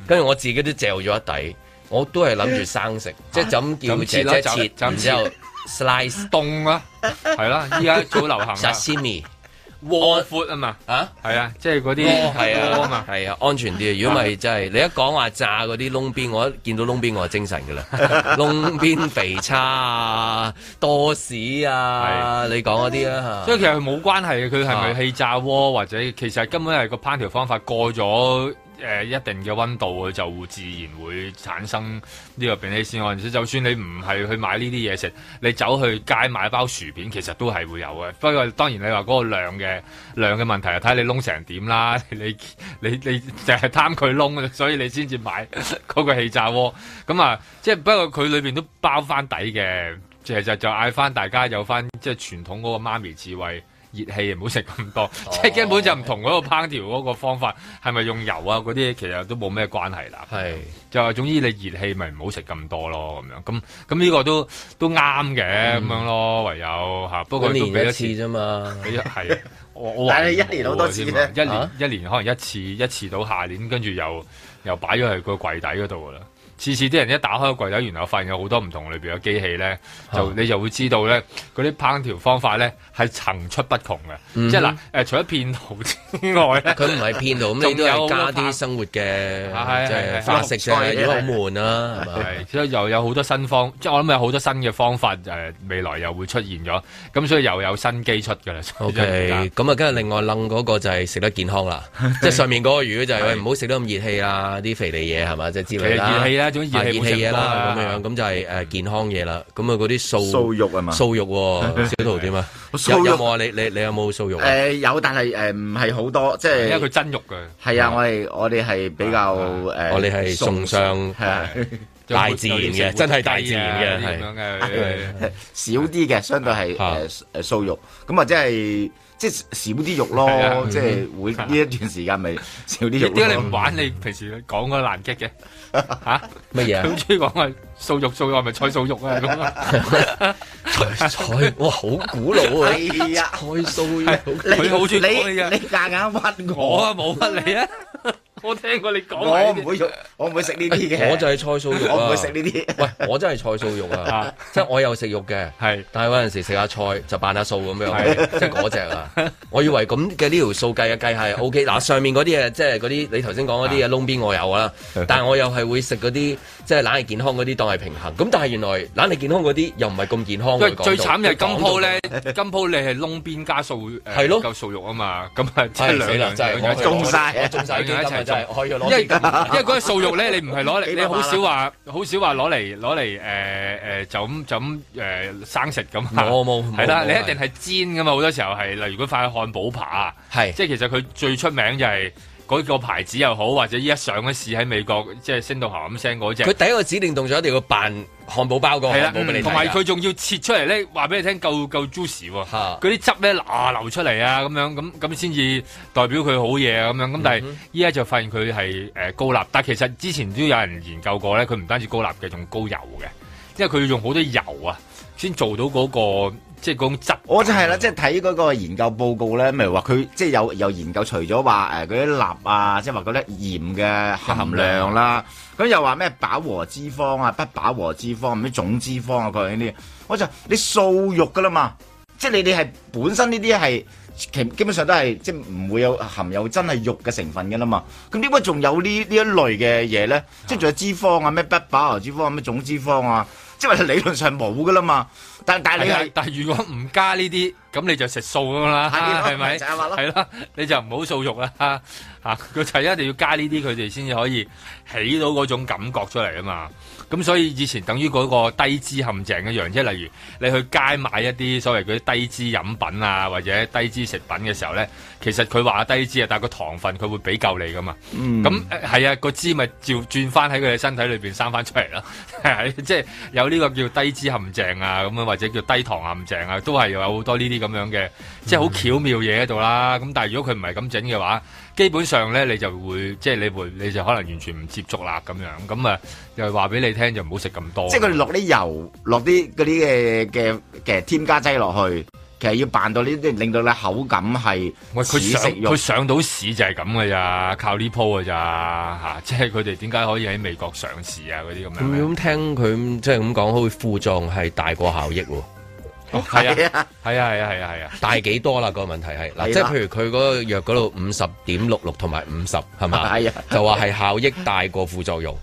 跟住我自己都嚼咗一底。我都係諗住生食，即係咁叫切咯切，然之後 slice 凍啦係啦，依家好流行 sashimi 卧闊啊嘛，啊係啊，即係嗰啲係啊，係啊，安全啲。如果唔係真係，你一講話炸嗰啲窿邊，我一見到窿邊我就精神噶啦，窿邊肥叉啊，多士啊，你講嗰啲啦，所以其實佢冇關係，佢係咪氣炸鍋或者，其實根本係個烹調方法過咗。誒、呃，一定嘅溫度佢就會自然會產生呢個丙烯醯胺，或者就算你唔係去買呢啲嘢食，你走去街買包薯片，其實都係會有嘅。不過當然你話嗰個量嘅量嘅問題，睇下你燶成點啦。你你你就係貪佢燶，所以你先至買嗰 個氣炸鍋。咁啊，即係不過佢裏邊都包翻底嘅，就就就嗌翻大家有翻即係傳統嗰個媽咪智慧。熱氣唔好食咁多，即係根本就唔同嗰個烹調嗰個方法，係咪用油啊嗰啲？其實都冇咩關係啦。係是的 就係總之你熱氣咪唔好食咁多咯，咁樣咁咁呢個都都啱嘅咁樣咯，唯有嚇、啊。不過年俾一次啫嘛， 係。 但係一年好多次呢，一年一年可能一次一次到，下年跟住又、啊、又擺咗喺個櫃底嗰度㗎啦。次次啲人一打開個櫃底，原來發現有好多唔同裏邊嘅機器咧，就你就會知道咧，嗰啲烹調方法咧係層出不窮嘅。嗯、哼即係嗱，除咗騙徒之外咧，佢唔係騙徒，咁你都有加啲生活嘅即係花式啫，如果好悶啦、啊，係嘛？即係又有好多新方，即係我諗有好多新嘅方法未來又會出現咗，咁所以又有新機出㗎啦。O K，咁啊，跟住、okay, 另外諗嗰個就係食得健康啦， 即係上面嗰個魚就係唔好食得咁熱氣啊，啲肥膩嘢係嘛，即係之類啦。就是、okay, 熱氣呢熱氣嘢啦，咁樣咁就係誒健康嘢啦。咁啊嗰啲素素肉啊嘛，素肉小圖點啊？有有冇啊？你你你有冇素肉？誒，有，但係誒唔係好多，即係因為佢真肉嘅。係啊，我哋我哋係比較誒，我哋係送上係大自然嘅，真係大自然嘅，係少啲嘅，相對係誒素肉，咁啊即係即係少啲肉咯，即係會呢一段時間咪少啲肉。點解你唔玩？你平時講嗰個爛 gag 嘅？吓，乜嘢？好中意講係素肉素肉，係咪菜素肉啊？咁啊， 菜菜哇，好古老啊！啊， 菜素肉，佢好似你。你夾硬屈我，我啊冇屈、啊、 你啊！我聽過你講，我唔會，我唔會食呢啲嘅，我就係菜素肉啊，我唔會食呢啲。 喂，我真係菜素肉啊， 即係我是有食肉嘅，係，但係嗰陣時食下菜就扮下素咁樣， 是即係嗰隻啦。 我以為咁嘅呢條素雞嘅雞係 O K，嗱上面嗰啲嘢，即係嗰啲你頭先講嗰啲嘢窿邊我有啦，但我又係會食嗰啲。即係冷氣健康嗰啲當係平衡，咁但係原來冷氣健康嗰啲又唔係咁健康。即係最慘係金鋪咧，金鋪你係窿邊加素？係咯，夠素肉啊嘛，咁係兩兩兩嘅，種曬，種曬，一齊種。因為因為嗰個素肉咧，你唔係攞嚟，你好少話，好少話攞嚟攞嚟誒誒就咁就咁誒生食咁。我冇，係啦，你一定係煎噶嘛，好多時候係，例如果塊漢堡扒啊，係，即係其實佢最出名就係。嗰個牌子又好，或者依一上一試喺美國，即係升到喉咁聲嗰隻。佢第一個指定動作一定要扮漢堡包的個漢堡俾你睇。同埋佢仲要切出嚟咧，話俾你聽夠夠 juicy 嗰啲汁咩嗱、啊、流出嚟啊咁樣，咁咁先至代表佢好嘢啊咁樣。咁但係依家就發現佢係誒高鈉，但其實之前都有人研究過咧，佢唔單止高鈉嘅，仲高油嘅，因為佢要用好多油啊，先做到嗰、那個。即係講汁我就係啦，即係睇嗰個研究報告咧，咪話佢即係有有研究除咗話誒嗰啲鈉啊，即係話嗰啲鹽嘅含量啦，咁麼又話咩飽和脂肪啊、不飽和脂肪、咩總脂肪啊，佢呢啲，我就你素肉噶啦嘛，即係你哋係本身呢啲係其基本上都係即係唔會有含有真係肉嘅成分噶啦嘛，咁點解仲有呢呢一類嘅嘢咧？嗯、即係仲有脂肪啊、咩不飽和脂肪、咩總脂肪啊，即係理論上冇噶啦嘛。但但，但如果唔加呢啲，咁你就食素咁啦，係咪？係咯，你就唔好素肉啦，吓佢就一定要加呢啲，佢哋先至可以起到嗰種感覺出嚟啊嘛。咁所以以前等於嗰個低脂陷阱嘅樣，即係例如你去街買一啲所謂嗰啲低脂飲品啊，或者低脂食品嘅時候咧，其實佢話低脂、嗯、啊，但係個糖分佢會俾夠你噶嘛。咁係啊，個脂咪照轉翻喺佢哋身體裏邊生翻出嚟咯。即 係有呢個叫低脂陷阱啊，咁樣或者叫低糖陷阱啊，都係有好多呢啲咁樣嘅。即係好巧妙嘢喺度啦，咁但係如果佢唔係咁整嘅話，基本上咧你就會即係你會你就可能完全唔接觸啦咁樣，咁啊又話俾你聽，就唔好食咁多。即係佢落啲油，落啲嗰啲嘅嘅嘅添加劑落去，其實要扮到呢啲，令到你口感係市食，佢上到市就係咁嘅咋，靠呢鋪嘅咋嚇，即係佢哋點解可以喺美國上市啊嗰啲咁樣。咁聽佢即係咁講，好似副作用係大過效益喎。係、哦、啊，係啊，係啊，係啊，係啊，啊啊大幾多啦？ 個問題係嗱，即係譬如佢嗰個藥嗰度五十點六六同埋五十，係嘛？係啊，就話係效益大過副作用。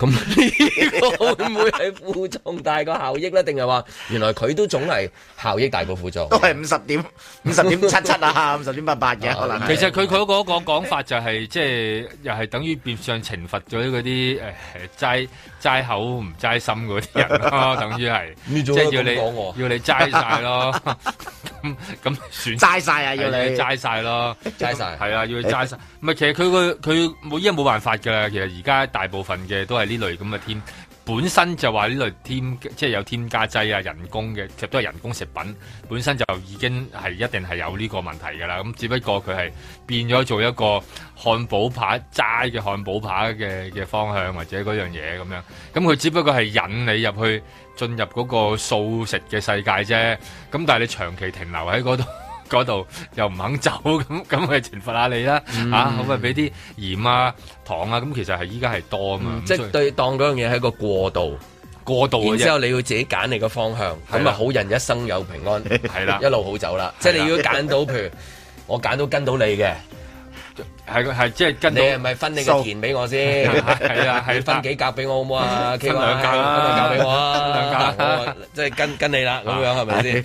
咁會唔會係負重大過效益咧？定係話原來佢都總係效益大過負重，都係五十點五十點七七啊，五十點八八嘅可能。其實佢佢嗰個講法就係即係又係等於變相懲罰咗嗰啲誒齋齋口唔齋心嗰啲人咯，等於係即係要你要你齋晒咯，咁咁算齋晒啊！要你齋晒咯，齋晒，係啦，要齋晒。唔係其實佢個佢冇依家冇辦法㗎。其實而家大部分嘅都係。呢類咁嘅添，本身就話呢類添，即係有添加劑啊，人工嘅，其實都係人工食品，本身就已經係一定係有呢個問題㗎啦。咁、嗯、只不過佢係變咗做一個漢堡扒齋嘅漢堡扒嘅嘅方向，或者嗰樣嘢咁樣。咁、嗯、佢只不過係引你入去進入嗰個素食嘅世界啫。咁、嗯、但係你長期停留喺嗰度。嗰度又唔肯走，咁咁咪懲罰下你啦嚇，咁咪俾啲鹽啊糖啊，咁其實係依家係多啊嘛，即係對當嗰樣嘢係一個過渡，過渡然之後你要自己揀你個方向，咁啊好人一生有平安，係啦，一路好走啦，即係你要揀到，譬如我揀到跟到你嘅，係係即係跟你，係咪分你嘅田俾我先？係啊，係分幾格俾我好唔好啊？分兩格啦，兩格俾我啊，即係跟跟你啦，咁樣係咪先？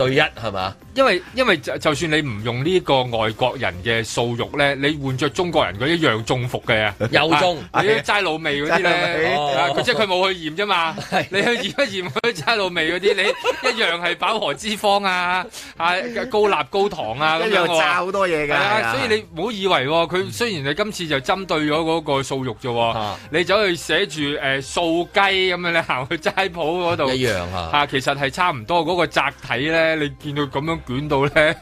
對，一係嘛？因為因為就就算你唔用呢個外國人嘅素肉咧，你換着中國人嗰一樣中服嘅，有中、啊、你啲齋滷味嗰啲咧，佢、嗯、即係佢冇去鹽啫嘛。哦、你去鹽一鹽去齋滷味嗰啲，你一樣係飽和脂肪啊，啊高鈉高糖啊咁樣啊。炸好多嘢㗎，所以你唔好以為佢、啊、雖然你今次就針對咗嗰個素肉啫、啊呃，你走去寫住素雞咁樣咧，行去齋鋪嗰度一樣啊。啊其實係差唔多嗰、那個集體咧。你見到咁樣捲到咧，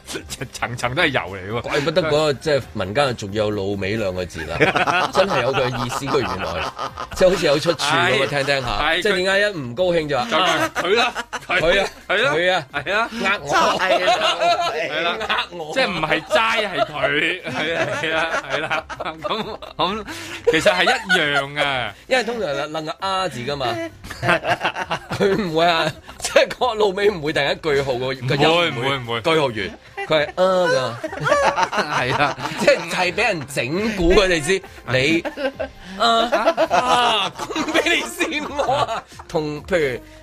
層層都係油嚟喎。怪不得嗰個即係民間仲有老味兩個字啦，真係有佢嘅意思居內，即係好似有出處咁啊！聽聽下，即係點解一唔高興就話佢啦，佢啊，係啦，佢啊，係啊，呃我係啦，呃我，即係唔係齋係佢，係啦，係啦，咁咁其實係一樣嘅，因為通常撚個「啊」字噶嘛，佢唔會啊。即係個路尾唔會突然間句號個，唔會唔會唔會句號完，佢係呃㗎，係啊，即係係俾人整蠱嘅你知，你啊講俾你先我啊，同譬如。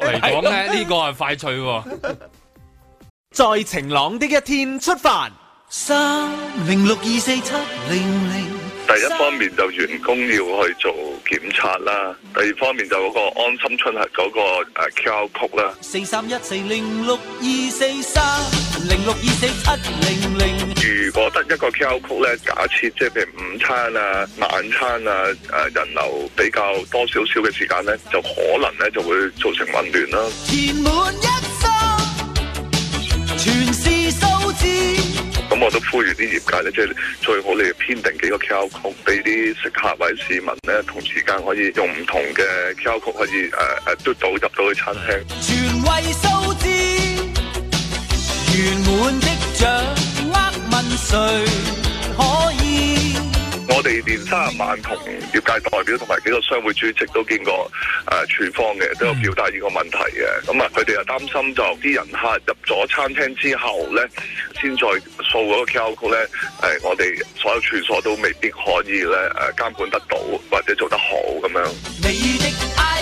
嚟講咧，呢動個係快趣喎。在晴朗的一天出發，三零六二四七零零。第一方面就員工要去做檢查啦，第二方面就嗰個安心出行嗰個 QR code 啦。四三一四零六二四三零六二四七零零。如果得一個 QR code 咧，假設即係譬如午餐啊、晚餐啊、誒人流比較多少少嘅時間咧，就可能咧就會造成混亂啦。填滿一生，全是數字。我都呼籲啲業界咧，即、就、係、是、最好你要編定幾個 QR Code 畀啲食客或者市民咧，同時間可以用唔同嘅 QR Code，可以誒誒、呃，都倒入到去餐廳。全為數字，圓滿的掌握，問誰可以？我哋連三十萬同業界代表同埋幾個商會主席都見過誒處、呃、方嘅，都有表達呢個問題嘅。咁啊、嗯，佢哋又擔心就啲人客入咗餐廳之後呢，先再掃嗰個 QR code 呢，呃、我哋所有處所都未必可以呢誒監管得到或者做得好咁樣。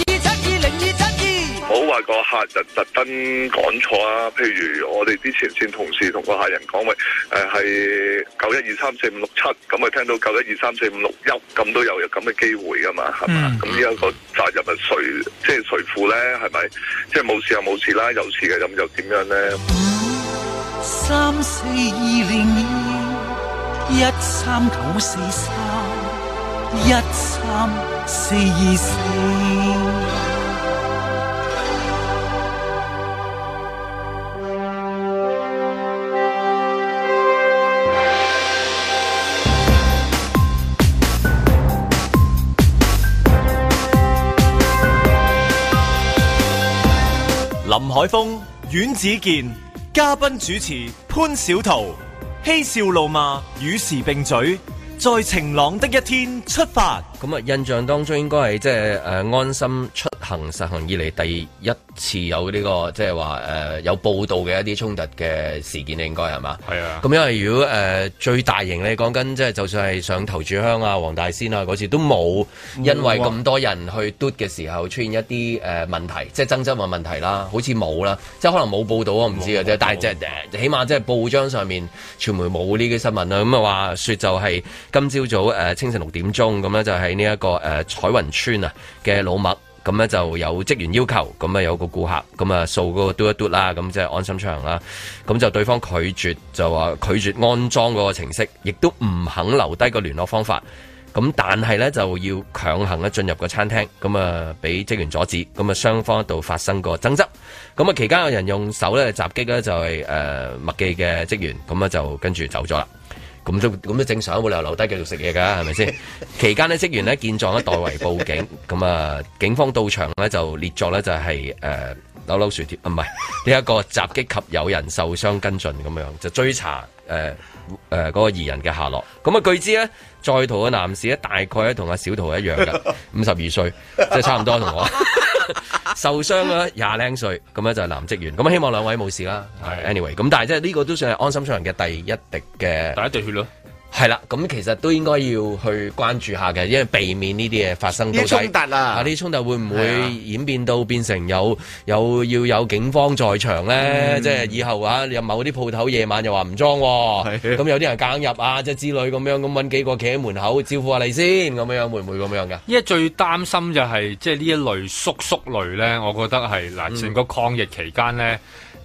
話個客人特登講錯啊！譬如我哋啲前線同事同個客人講喂，誒係九一二三四五六七，咁啊聽到九一二三四五六一，咁都有咁嘅機會噶嘛，係嘛？咁呢一個責任係誰，即係誰負咧？係咪？即係冇事就冇事啦，有事嘅咁又點樣咧？海峰、阮子健、嘉賓主持潘小桃，嬉笑怒罵，與時並舉，在晴朗的一天出發。咁啊，印象當中應該係即係誒安心出行實行以嚟，第一次有呢、呢個即係話誒有報道嘅一啲衝突嘅事件應該係嘛？係啊！咁因為如果誒、呃、最大型你講緊即係就算係上頭柱香啊、黃大仙啊嗰次都冇，因為咁多人去嘟嘅時候出現一啲誒、呃、問題即係爭執嘅問題啦，好似冇啦，即係可能冇報道我唔知啊即係，但係即係起碼即係報章上面、傳媒冇呢啲新聞啦。咁啊話說就係今朝早誒、呃、清晨六點鐘咁咧，就係。喺呢一個誒、呃、彩雲村啊嘅老麥咁呢就有職員要求，咁啊有個顧客咁啊掃嗰個嘟一嘟啦，咁即係安心出行啦。咁就對方拒絕，就話拒絕安裝嗰個程式，亦都唔肯留低個聯絡方法。咁但係呢，就要強行咧進入個餐廳，咁啊俾職員阻止，咁啊雙方一度發生過爭執。咁啊期間有人用手咧襲擊呢，擊就係、是、誒、呃、麥記嘅職員，咁啊就跟住走咗啦。咁都咁都正常，冇理由留低繼續食嘢噶，係咪先？ 期間呢職員呢見狀咧代為報警，咁啊，警方到場呢就列作呢就係誒扭扭薯條，唔係呢一個襲擊及有人受傷跟進咁樣，就追查誒誒嗰個疑人嘅下落。咁啊，據知咧在逃嘅男士呢大概咧同阿小桃一樣噶，五十二歲，即係差唔多同我。 受傷咗廿零歲，咁咧就係男職員，咁啊希望兩位冇事啦。係的 anyway，咁但係即係呢個都算係安心出行嘅第一滴嘅第一滴血咯。係啦，咁其實都應該要去關注下嘅，因為避免呢啲嘢發生到。啲衝突啊！啊，啲衝突會唔會演變到變成有有要有警方在場咧？嗯、即係以後啊，某又的有某啲鋪頭夜晚又話唔裝喎，咁有啲人揀入啊，即係之類咁樣，咁揾幾個企喺門口招呼下你先，咁樣會唔會咁樣㗎？依家最擔心就係、是、即係呢一類叔叔類咧，我覺得係嗱，成、嗯、個抗疫期間咧。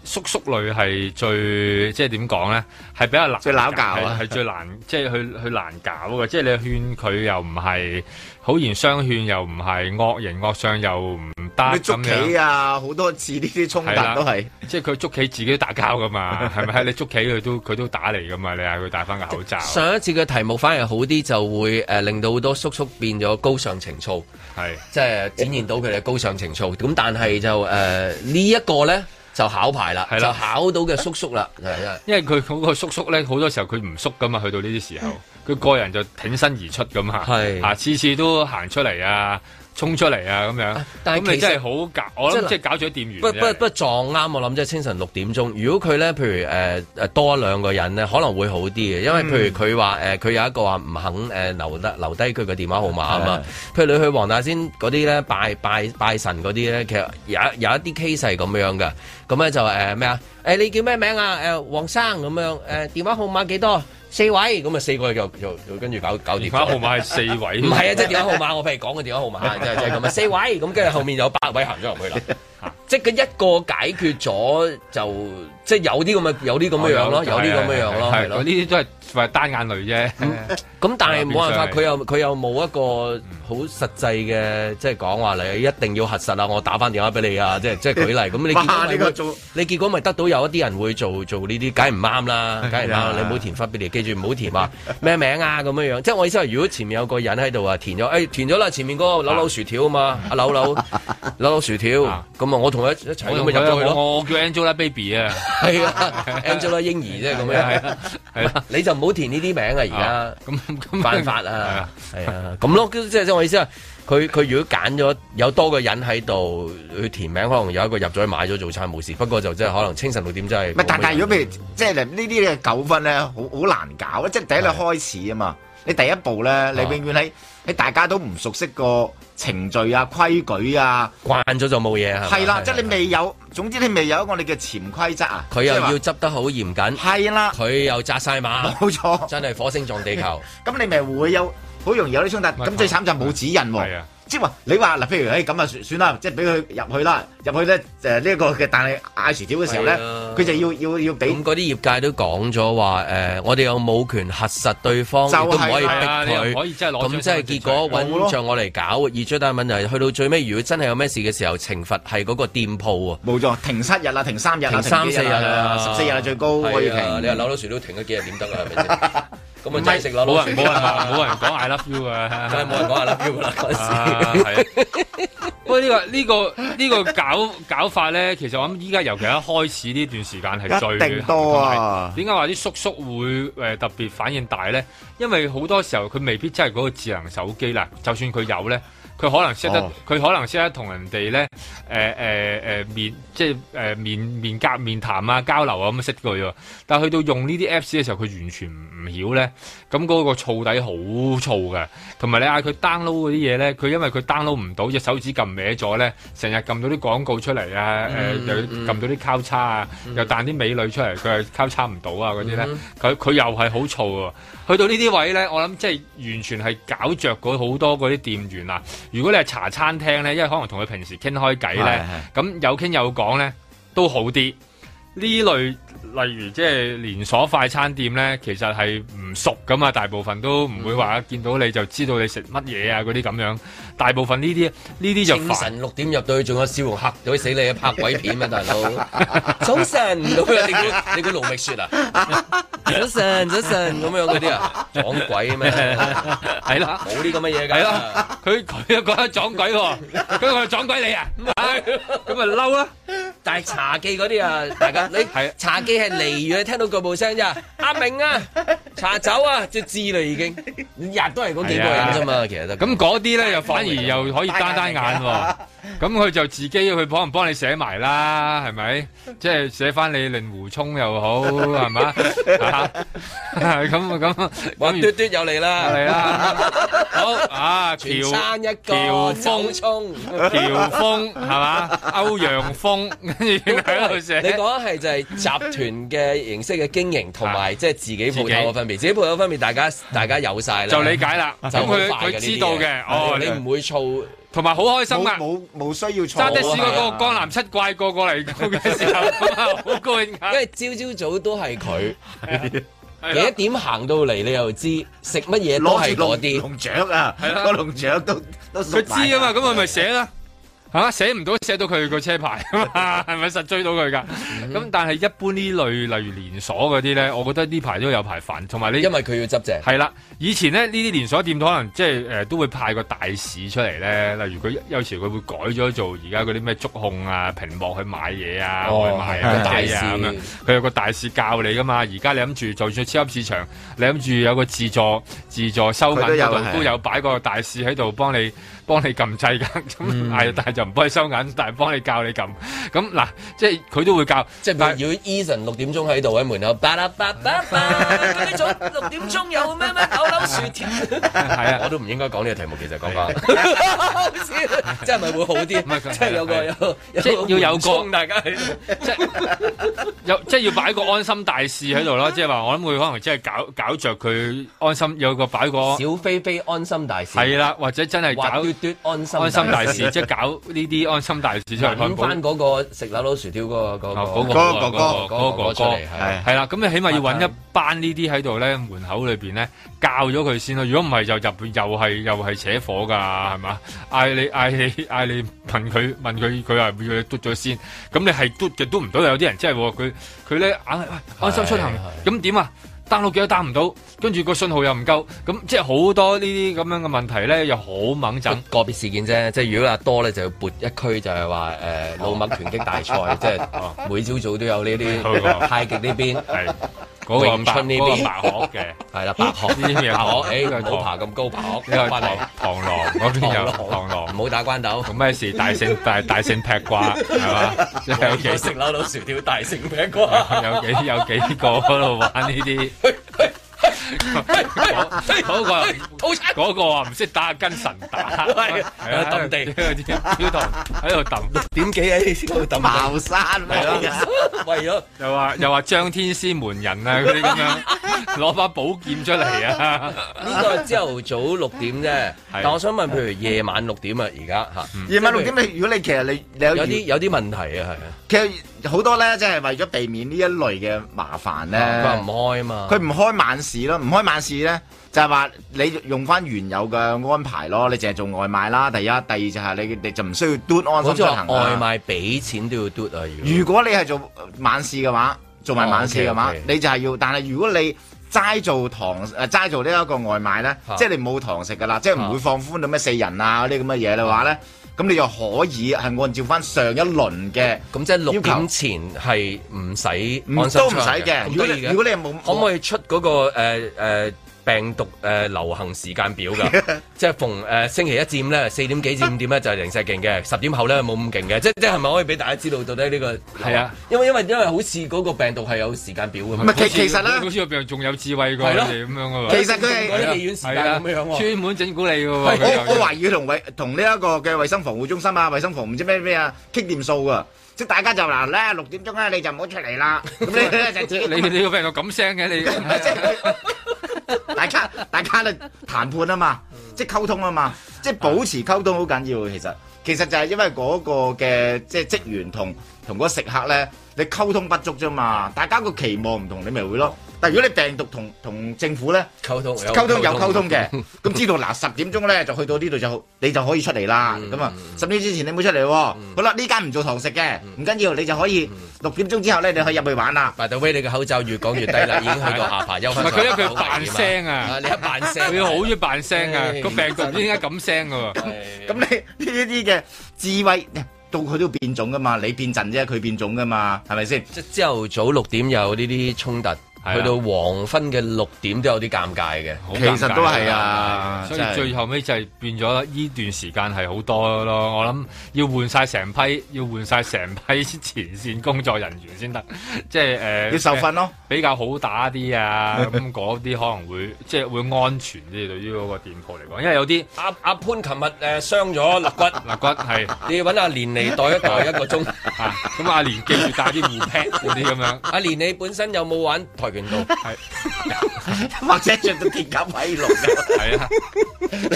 叔叔類係最即係點講咧？係比較難搞，最拗係、啊、最難即係去去難搞嘅。即係你勸佢又唔係好言相勸，惡惡又唔係惡形惡相又唔得捉棋啊！好多次呢啲衝突都係、啊，即係佢捉棋自己打交噶嘛，係咪啊？你捉棋佢都佢都打嚟噶嘛？你嗌佢戴翻個口罩。上一次嘅題目反而好啲，就會誒、呃、令到好多叔叔變咗高尚情操，係即係展現到佢哋高尚情操。咁、嗯、但係就誒呢、呃、一個咧。就考牌啦，的就考到嘅叔叔啦，的的因為因為佢嗰個叔叔咧，好多時候佢唔縮噶嘛，去到呢啲時候，佢的個人就挺身而出噶嘛，啊次的次都行出嚟啊，衝出嚟啊咁樣，但係咁你真係好搞，我即係搞咗店員不，不不不撞啱我諗，即係清晨六點鐘。如果佢咧，譬如誒誒、呃、多一兩個人咧，可能會好啲嘅，因為譬如佢話誒，佢、呃、有一個話唔肯誒、呃、留得留低佢嘅電話號碼啊嘛。的譬如你去黃大仙嗰啲咧，拜拜拜神嗰啲咧，其實有有一啲 case 係咁樣嘅。咁咧就誒咩啊？誒你叫咩名啊？誒黃生咁樣誒電話號碼幾多？四位咁啊，四個又又跟住搞搞電話號碼係四位，唔係啊，即係電話號碼，我譬如講個電話號碼即係即係咁啊四位，咁跟住後面有八位行咗入去啦，即係佢一個解決咗就即係有啲咁嘅有啲咁嘅樣咯，有啲咁嘅樣咯，係咯呢啲都係。係單眼淚啫，咁但係冇辦法，佢又佢又冇一個好實際嘅，即係講話你一定要核實啊！我打翻電話俾你啊！即係即係舉例，咁你你結果咪得到有一啲人會做做呢啲，梗係唔啱啦，梗係唔啱！你唔好填翻俾你，記住唔好填話咩名啊咁樣樣。即係我意思係，如果前面有個人喺度啊，填咗，誒，填咗啦，前面嗰個扭扭薯條啊嘛，阿扭扭扭扭薯條，咁啊，我同佢一齊，我咪入咗去咯。我叫 Angelababy 啊，係啊，Angelababy 即係咁樣，係你就。唔好填呢啲名啊！而家咁咁犯法啊！係啊，咁咯，即係即係我意思啊。佢佢如果揀咗有多個人喺度，佢填名可能有一個入咗去買咗早餐冇事。不過就即係可能清晨六點真係。唔係，但係如果譬如即係呢啲嘅糾紛咧，好好難搞啊。即係第一個開始啊嘛，你第一步咧，你永遠喺喺大家都唔熟悉個。程序啊、規矩啊，慣咗就冇嘢係。係啦，即係你未有，總之你未有我哋嘅潛規則啊。佢又要執得好嚴謹，係啦，佢了又扎晒馬，冇錯，真係火星撞地球。咁 你咪會有，好容易有啲衝突。咁是最慘就冇指引喎，啊。即係話你話嗱，譬如誒咁啊，算啦，即係俾佢入去啦，入去咧誒呢一個嘅，但係嗌薯條嘅時候咧，佢就要要要俾咁嗰啲業界都講咗話誒，我哋有冇權核實對方，亦都唔可以逼佢。咁即係結果揾著我嚟搞，而最大問題係去到最尾，如果真係有咩事嘅時候，懲罰係嗰個店鋪啊。冇錯，停七日啦，停三日啦，停三四日啦，十四日最高可以停。你話扭到薯條停咗幾日，點得㗎？咁咪齋食咯，冇人冇人冇人講 I love you 啊，真係冇人講 I love you 啦嗰、啊、時。不過呢個呢、這個呢、這個、搞搞法咧，其實我諗依家尤其一開始呢段時間係最多啊。點解話啲叔叔會、呃、特別反應大咧？因為好多時候佢未必真係嗰個智能手機啦，就算佢有咧。佢可能識得，佢、哦、可能識得同人哋咧，誒、呃、誒、呃、面，即係、呃、面面交面談啊，交流啊咁樣識佢喎。但係去到用呢啲 Apps 嘅時候，佢完全唔曉咧。咁嗰個燥底好燥嘅，同埋你嗌佢 download 嗰啲嘢咧，佢因為佢 download 唔到，隻手指撳歪咗咧，成日撳到啲廣告出嚟啊，嗯呃、又撳到啲交叉啊，嗯、又彈啲美女出嚟，佢係交叉唔到啊嗰啲咧，佢佢、嗯、又係好燥啊。去到呢啲位咧，我諗即係完全係搞着好多嗰啲店員啊。如果你係茶餐廳呢，因為可能同佢平時傾開偈呢，咁是有傾有講呢，都好啲。呢類，例如即係連鎖快餐店呢，其實係唔熟㗎嘛，大部分都唔會話見到你就知道你食乜嘢啊嗰啲咁樣。大部分呢啲呢啲就凌晨六點入到去，仲有笑容嚇，做死你拍鬼片咩大佬？早晨咁你估你估勞力雪啊？早晨早晨咁樣嗰啲啊，撞鬼啊嘛？係啦，冇呢個乜嘢㗎。係啦，佢佢又覺得撞鬼喎，咁佢撞鬼你啊？咁咪嬲啦！但係茶記嗰啲啊，大家你係茶記係離遠聽到腳步聲咋？阿明啊，茶走啊，即知啦已經。日日都係嗰幾個人咋嘛，其實得。咁嗰啲咧又反。又可以單單眼喎，咁佢就自己去，幫唔幫你寫埋啦，係咪？即係寫翻你令狐沖又好，係咪？係咁啊咁啊，嘟嘟有你啦，有你啦，好啊！喬山峰，喬峰係嘛？歐陽峯，跟住就寫，你講係就係集團嘅形式嘅經營同埋即係自己鋪有個分別，自己鋪有分別，大家大家有晒啦，就理解啦。咁佢佢知道嘅，哦，你唔會。嘈同埋好開心啊！冇冇需要坐啊！差得少過個江南七怪過過嚟嘅時候，好攰㗎。因為朝朝早都係佢，幾點行到嚟你又知食乜嘢攞係攞啲。攞住龍掌啊，個龍掌都都。佢知啊嘛，咁係咪寫啦，吓寫唔到寫到佢個車牌，係咪實追到佢噶？咁但係一般呢類例如連鎖嗰啲咧，我覺得呢排都有排煩，同埋你因為佢要執淨。係啦。以前咧呢啲連鎖店都可能即係誒，都會派個大使出嚟咧，例如佢有時佢會改咗做而家嗰啲咩觸控啊屏幕去買嘢啊外賣、哦、啊嗰啲嘢，咁佢有個大使教你㗎嘛。而家你諗住做住超級市場，你諗住有個自助自助收銀台都，都有擺個大使喺度幫你幫你撳掣㗎，咁、嗯、 但係就唔可以收銀，但係幫你教你撳。咁，嗱，即係佢都會教，即係如 Eason 六點鐘，喺度喺門口，六點鐘 有咩咩。薯條，係啊！我都唔應該講呢個題目，其實講講，即係咪會好啲？即係有個，有，即係要有個，大家，即係有即係要擺個安心大使喺度啦。即係話，我諗會可能真係搞搞着佢安心，有個擺個小飛飛安心大使，係啦，或者真係搞安心安心大使，即係搞呢啲安心大使出嚟。揾翻嗰個食柳老薯條個個個個個哥哥嗰個哥啦，咁你起碼要揾一班呢啲喺度咧，門口裏邊咧教咗佢先咯，如果唔係就入面又係又係扯火噶，係嘛？嗌你嗌你嗌你問佢問佢，佢係會要你嘟咗先。咁你係嘟嘅，嘟唔到有啲人真係，佢佢咧硬安心出行，咁點是是 啊？download 幾都 down 唔到，跟住個信號又唔夠，咁即係好多呢啲咁樣嘅問題咧，又好猛震。個別事件啫，即係如果話多咧，就要撥一區就係話誒老麥拳擊大賽， 即係每朝早都有呢啲太極呢邊。好的 嗰個唔出呢啲白鶴嘅，係啦白鶴呢啲白鶴，誒佢冇爬咁高，白鶴呢個螳螂嗰邊有螳螂，唔好打關鬥，咩事大聖大大聖劈瓜係嘛？有幾成樓扭薯條大聖劈瓜，有幾有幾個喺度玩呢啲。嗰個，嗰個啊，唔識打跟神打，係啊，抌地嗰啲，飄蕩喺度抌，六點幾喺度抌茅山，係咯，為咗又話又話張天師門人啊嗰啲咁樣，攞把寶劍出嚟啊！呢個朝頭早六點啫，但我想問，譬如夜晚六點啊，而家吓，夜晚六點你，如果你其實你有有啲有啲問題啊，係啊，其實好多咧，即係為咗避免呢一類嘅麻煩咧，佢唔開啊嘛，佢唔開晚市。咯，唔開晚市咧，就係、是、話你用翻原有嘅安排咯，你淨係做外賣啦。第一、第二就係你，你就唔需要嘟安心出行外賣，俾錢都要嘟啊。如果，如果你係做晚市嘅話，做埋晚市嘅話，哦、okay, okay 你就係要。但係如果你齋做堂，誒齋做呢一個外賣咧，啊、即係你冇堂食噶啦，啊、即係唔會放寬到咩四人啊嗰啲咁嘅嘢嘅話咧。啊啊咁你又可以係按照返上一輪嘅，咁即係六點前係唔使，都唔使嘅。如果你如果你係冇，可唔可以出嗰、那個誒、呃呃病毒誒流行時間表㗎，即係逢誒星期一至五咧四點幾至五點咧就係零舍勁嘅，十點後咧冇咁勁嘅，即即係咪可以俾大家知道到底呢個？係啊，因為因為因為好似嗰個病毒係有時間表咁。唔係其其實啦，好似個病仲有智慧過你，咁樣㗎嘛。其實佢係醫院時間咁樣喎，專門整蠱你㗎喎。我我懷疑同衛同呢一個嘅衞生防護中心啊，衞生防唔知咩咩啊傾掂數㗎，即係大家就嗱咧六點鐘咧你就唔好出嚟啦。咁你就自己你你個病毒咁聲嘅你。 大家大家咧談判啊嘛，即係溝通啊嘛，即係保持溝通好緊要。其實其實就係因為嗰個嘅即係職員同同嗰個食客咧。你溝通不足啫嘛，大家個期望唔同，你咪會咯。但係如果你病毒同同政府咧溝通溝通有溝通嘅，咁知道嗱，十點鐘咧就去到呢度就你就可以出嚟啦。咁啊，十點之前你冇出嚟喎。好啦，呢間唔做堂食嘅，唔緊要，你就可以六點鐘之後咧，你可以入去玩啦。By the way，你個口罩越講越低啦，已經去到下扒休息啦。唔係佢因為扮聲啊，你一扮聲，佢好中意扮聲啊，個病毒點解咁聲㗎喎？咁咁你呢啲嘅智慧。到佢都變種㗎嘛，你變陣啫，佢變種㗎嘛，係咪先？即朝頭早六點有呢啲衝突。啊、去到黃昏嘅六點都有啲尷尬嘅，尬其實都係啊，是啊是，所以最後尾就係變咗呢段時間係好多咯。我諗要換晒成批，要換晒成批前線工作人員先得，即係誒、呃、要受訓咯、哦，比較好打啲啊。咁嗰啲可能會 即係會安全啲，對於嗰個店鋪嚟講，因為有啲阿阿潘琴日誒傷咗肋骨，肋骨係你要揾阿連嚟代一一個鐘嚇，咁阿連記住帶啲護 pad 嗰啲咁樣。阿連、 啊、你本身有冇玩係，或者着到鐵甲威龍，係啊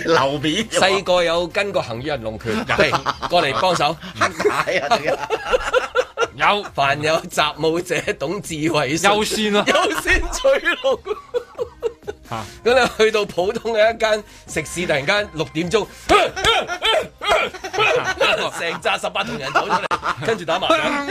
流 面。細個有跟過行于人龍拳，有過嚟幫手。 有凡有習武者懂智慧，優先咯，優先取龍。咁你、啊、去到普通嘅一間食肆，突然間六點鐘，成扎 十八銅人走出嚟，跟住打麻將，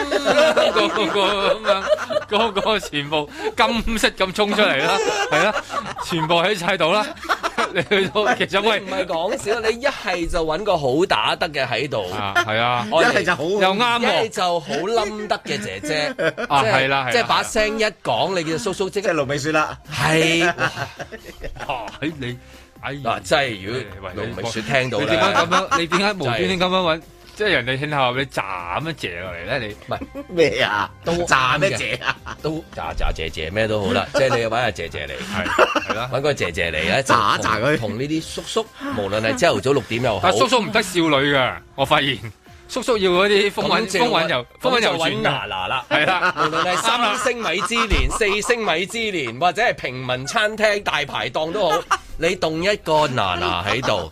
個個咁樣，個個全部金色咁衝出嚟啦，係啦， 全部喺曬度啦。 你其實喂，唔係講笑，你一係就揾個好打得嘅喺度，係啊，一係就好又啱喎，一係就好冧得嘅姐姐啊，係啦，即係把聲一講，你叫叔叔即刻盧美雪啦，係，啊，你啊，真係如果盧美雪聽到咧，你點解咁樣？你點解無端端咁樣揾？即係人哋聽下，你咋咩姐過嚟咧？你唔係咩啊？都咋咩姐啊？都咋咋姐姐咩都好啦。即係你搵下姐姐嚟，係啦，搵個姐姐嚟咧就同呢啲叔叔，無論係朝頭早六點又好。但叔叔唔得少女噶，我發現叔叔要嗰啲風韻風韻又風韻又轉娜娜啦，係啦。無論係三星米芝蓮、四星米芝蓮，或者係平民餐廳、大排檔都好，你動一個娜娜喺度。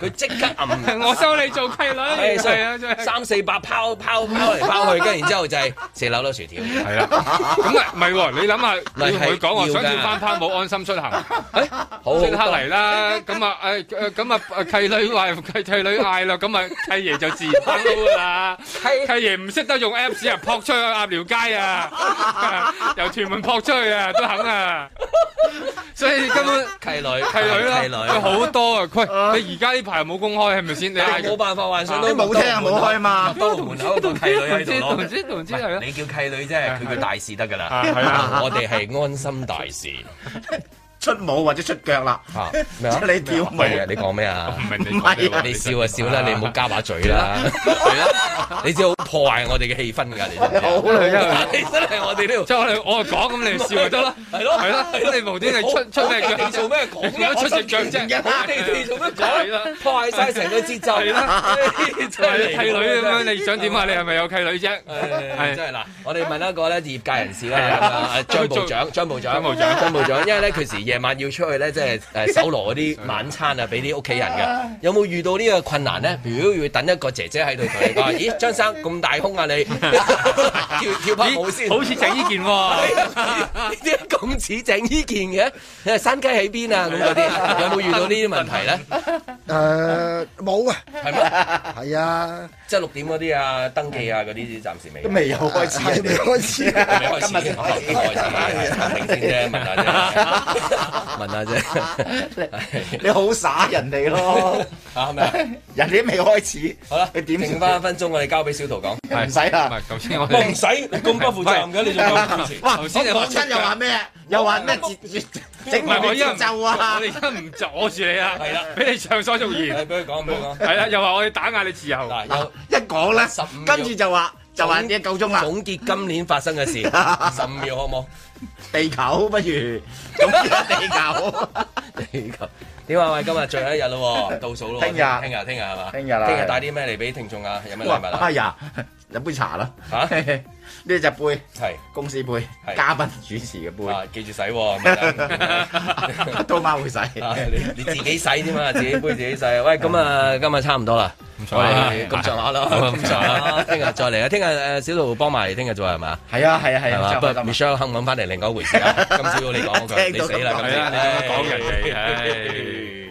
佢即刻暗，我收你做契女，係啊，三四百拋拋拋嚟拋去，跟住然之後就係四樓攞薯條，係啦，咁啊唔係喎，你諗下，你同佢講話，我想轉翻拋，冇安心出行，誒好即刻嚟啦，咁啊誒誒咁啊契女話契契女嗌啦，咁啊契爺就自然不嬲啦，契爺唔識得用 Apps 啊，撲出去鴨寮街啊，由屯門撲出去啊都肯啊，所以根本契女契女咯，佢好多啊，佢佢而家呢？排冇公開係咪先？你冇辦法話，你冇聽又冇開嘛。都喺門口個契女喺度知知你叫契女啫，佢叫大使得㗎啦。係啊，我哋係安心大使。出舞或者出腳啦你叫？味啊！你講咩啊？唔係你笑就笑啦，你唔好加把嘴啦，係啦！你笑破壞我哋嘅氣氛㗎，你真係我哋呢度我哋講咁，你哋笑得啦，係啦，你無端端出出咩腳？做咩講？我出隻腳啫，你做咩講？破壞晒成個節奏你啦，係啦，契女咁樣你想點啊？你係咪有契女啫？真係嗱，我哋問一個咧業界人士啦，張部長，張部長，部長，張部長，因為咧佢夜晚要出去咧，即係誒搜羅嗰啲晚餐啊，俾啲屋企人嘅。有冇遇到呢個困難咧？如果要等一個姐姐喺度睇，話咦，張生咁大胸啊你，跳跳下舞先。好似鄭伊健喎，點解咁似鄭伊健嘅？山雞喺邊啊咁嗰啲？有冇遇到呢啲問題咧？誒冇啊。係咩？係啊。即係六點嗰啲啊，登記啊嗰啲，暫時未。都未有開始啊！未開始啊！今日先開始啊！暫停先啫，問下先。問下啫，你好耍人哋咯，係咪？人哋都未開始。好啦，你點？翻一分鐘，我哋交俾小圖講。唔使啦，唔使，你咁不負責任嘅，你仲講？頭先你講親又話咩？又話咩？截住，唔係我一唔就啊！我而家唔阻我住你啊。係啦，俾你暢所欲言。你俾佢講，俾佢講。係啦，又話我要打壓你自由。又一講咧，十五，跟住就話就話已經夠鐘啦。總結今年發生嘅事，十五秒好唔好？地球不如咁地球，地球，點啊？ 喂，今日最後一日咯， 倒數咯，天聽日、聽日喂、聽日係嘛？聽日啦，聽日帶啲咩嚟俾聽眾啊？有咩禮物啊？哎呀，飲杯茶啦吓。呢隻杯係公司杯，嘉賓主持嘅杯，記住洗喎，都冇乜會洗，你自己洗添嘛，自己杯自己洗。喂，咁啊，今日差唔多啦，唔錯啦，咁上下啦，咁上下，聽日再嚟啊！聽日誒，小路幫埋，聽日做係咪啊？係啊，係啊，係啊。不過 Michelle 肯唔肯返嚟，另一回事啊！今朝你講嗰句，你死啦咁樣，講人哋，唉。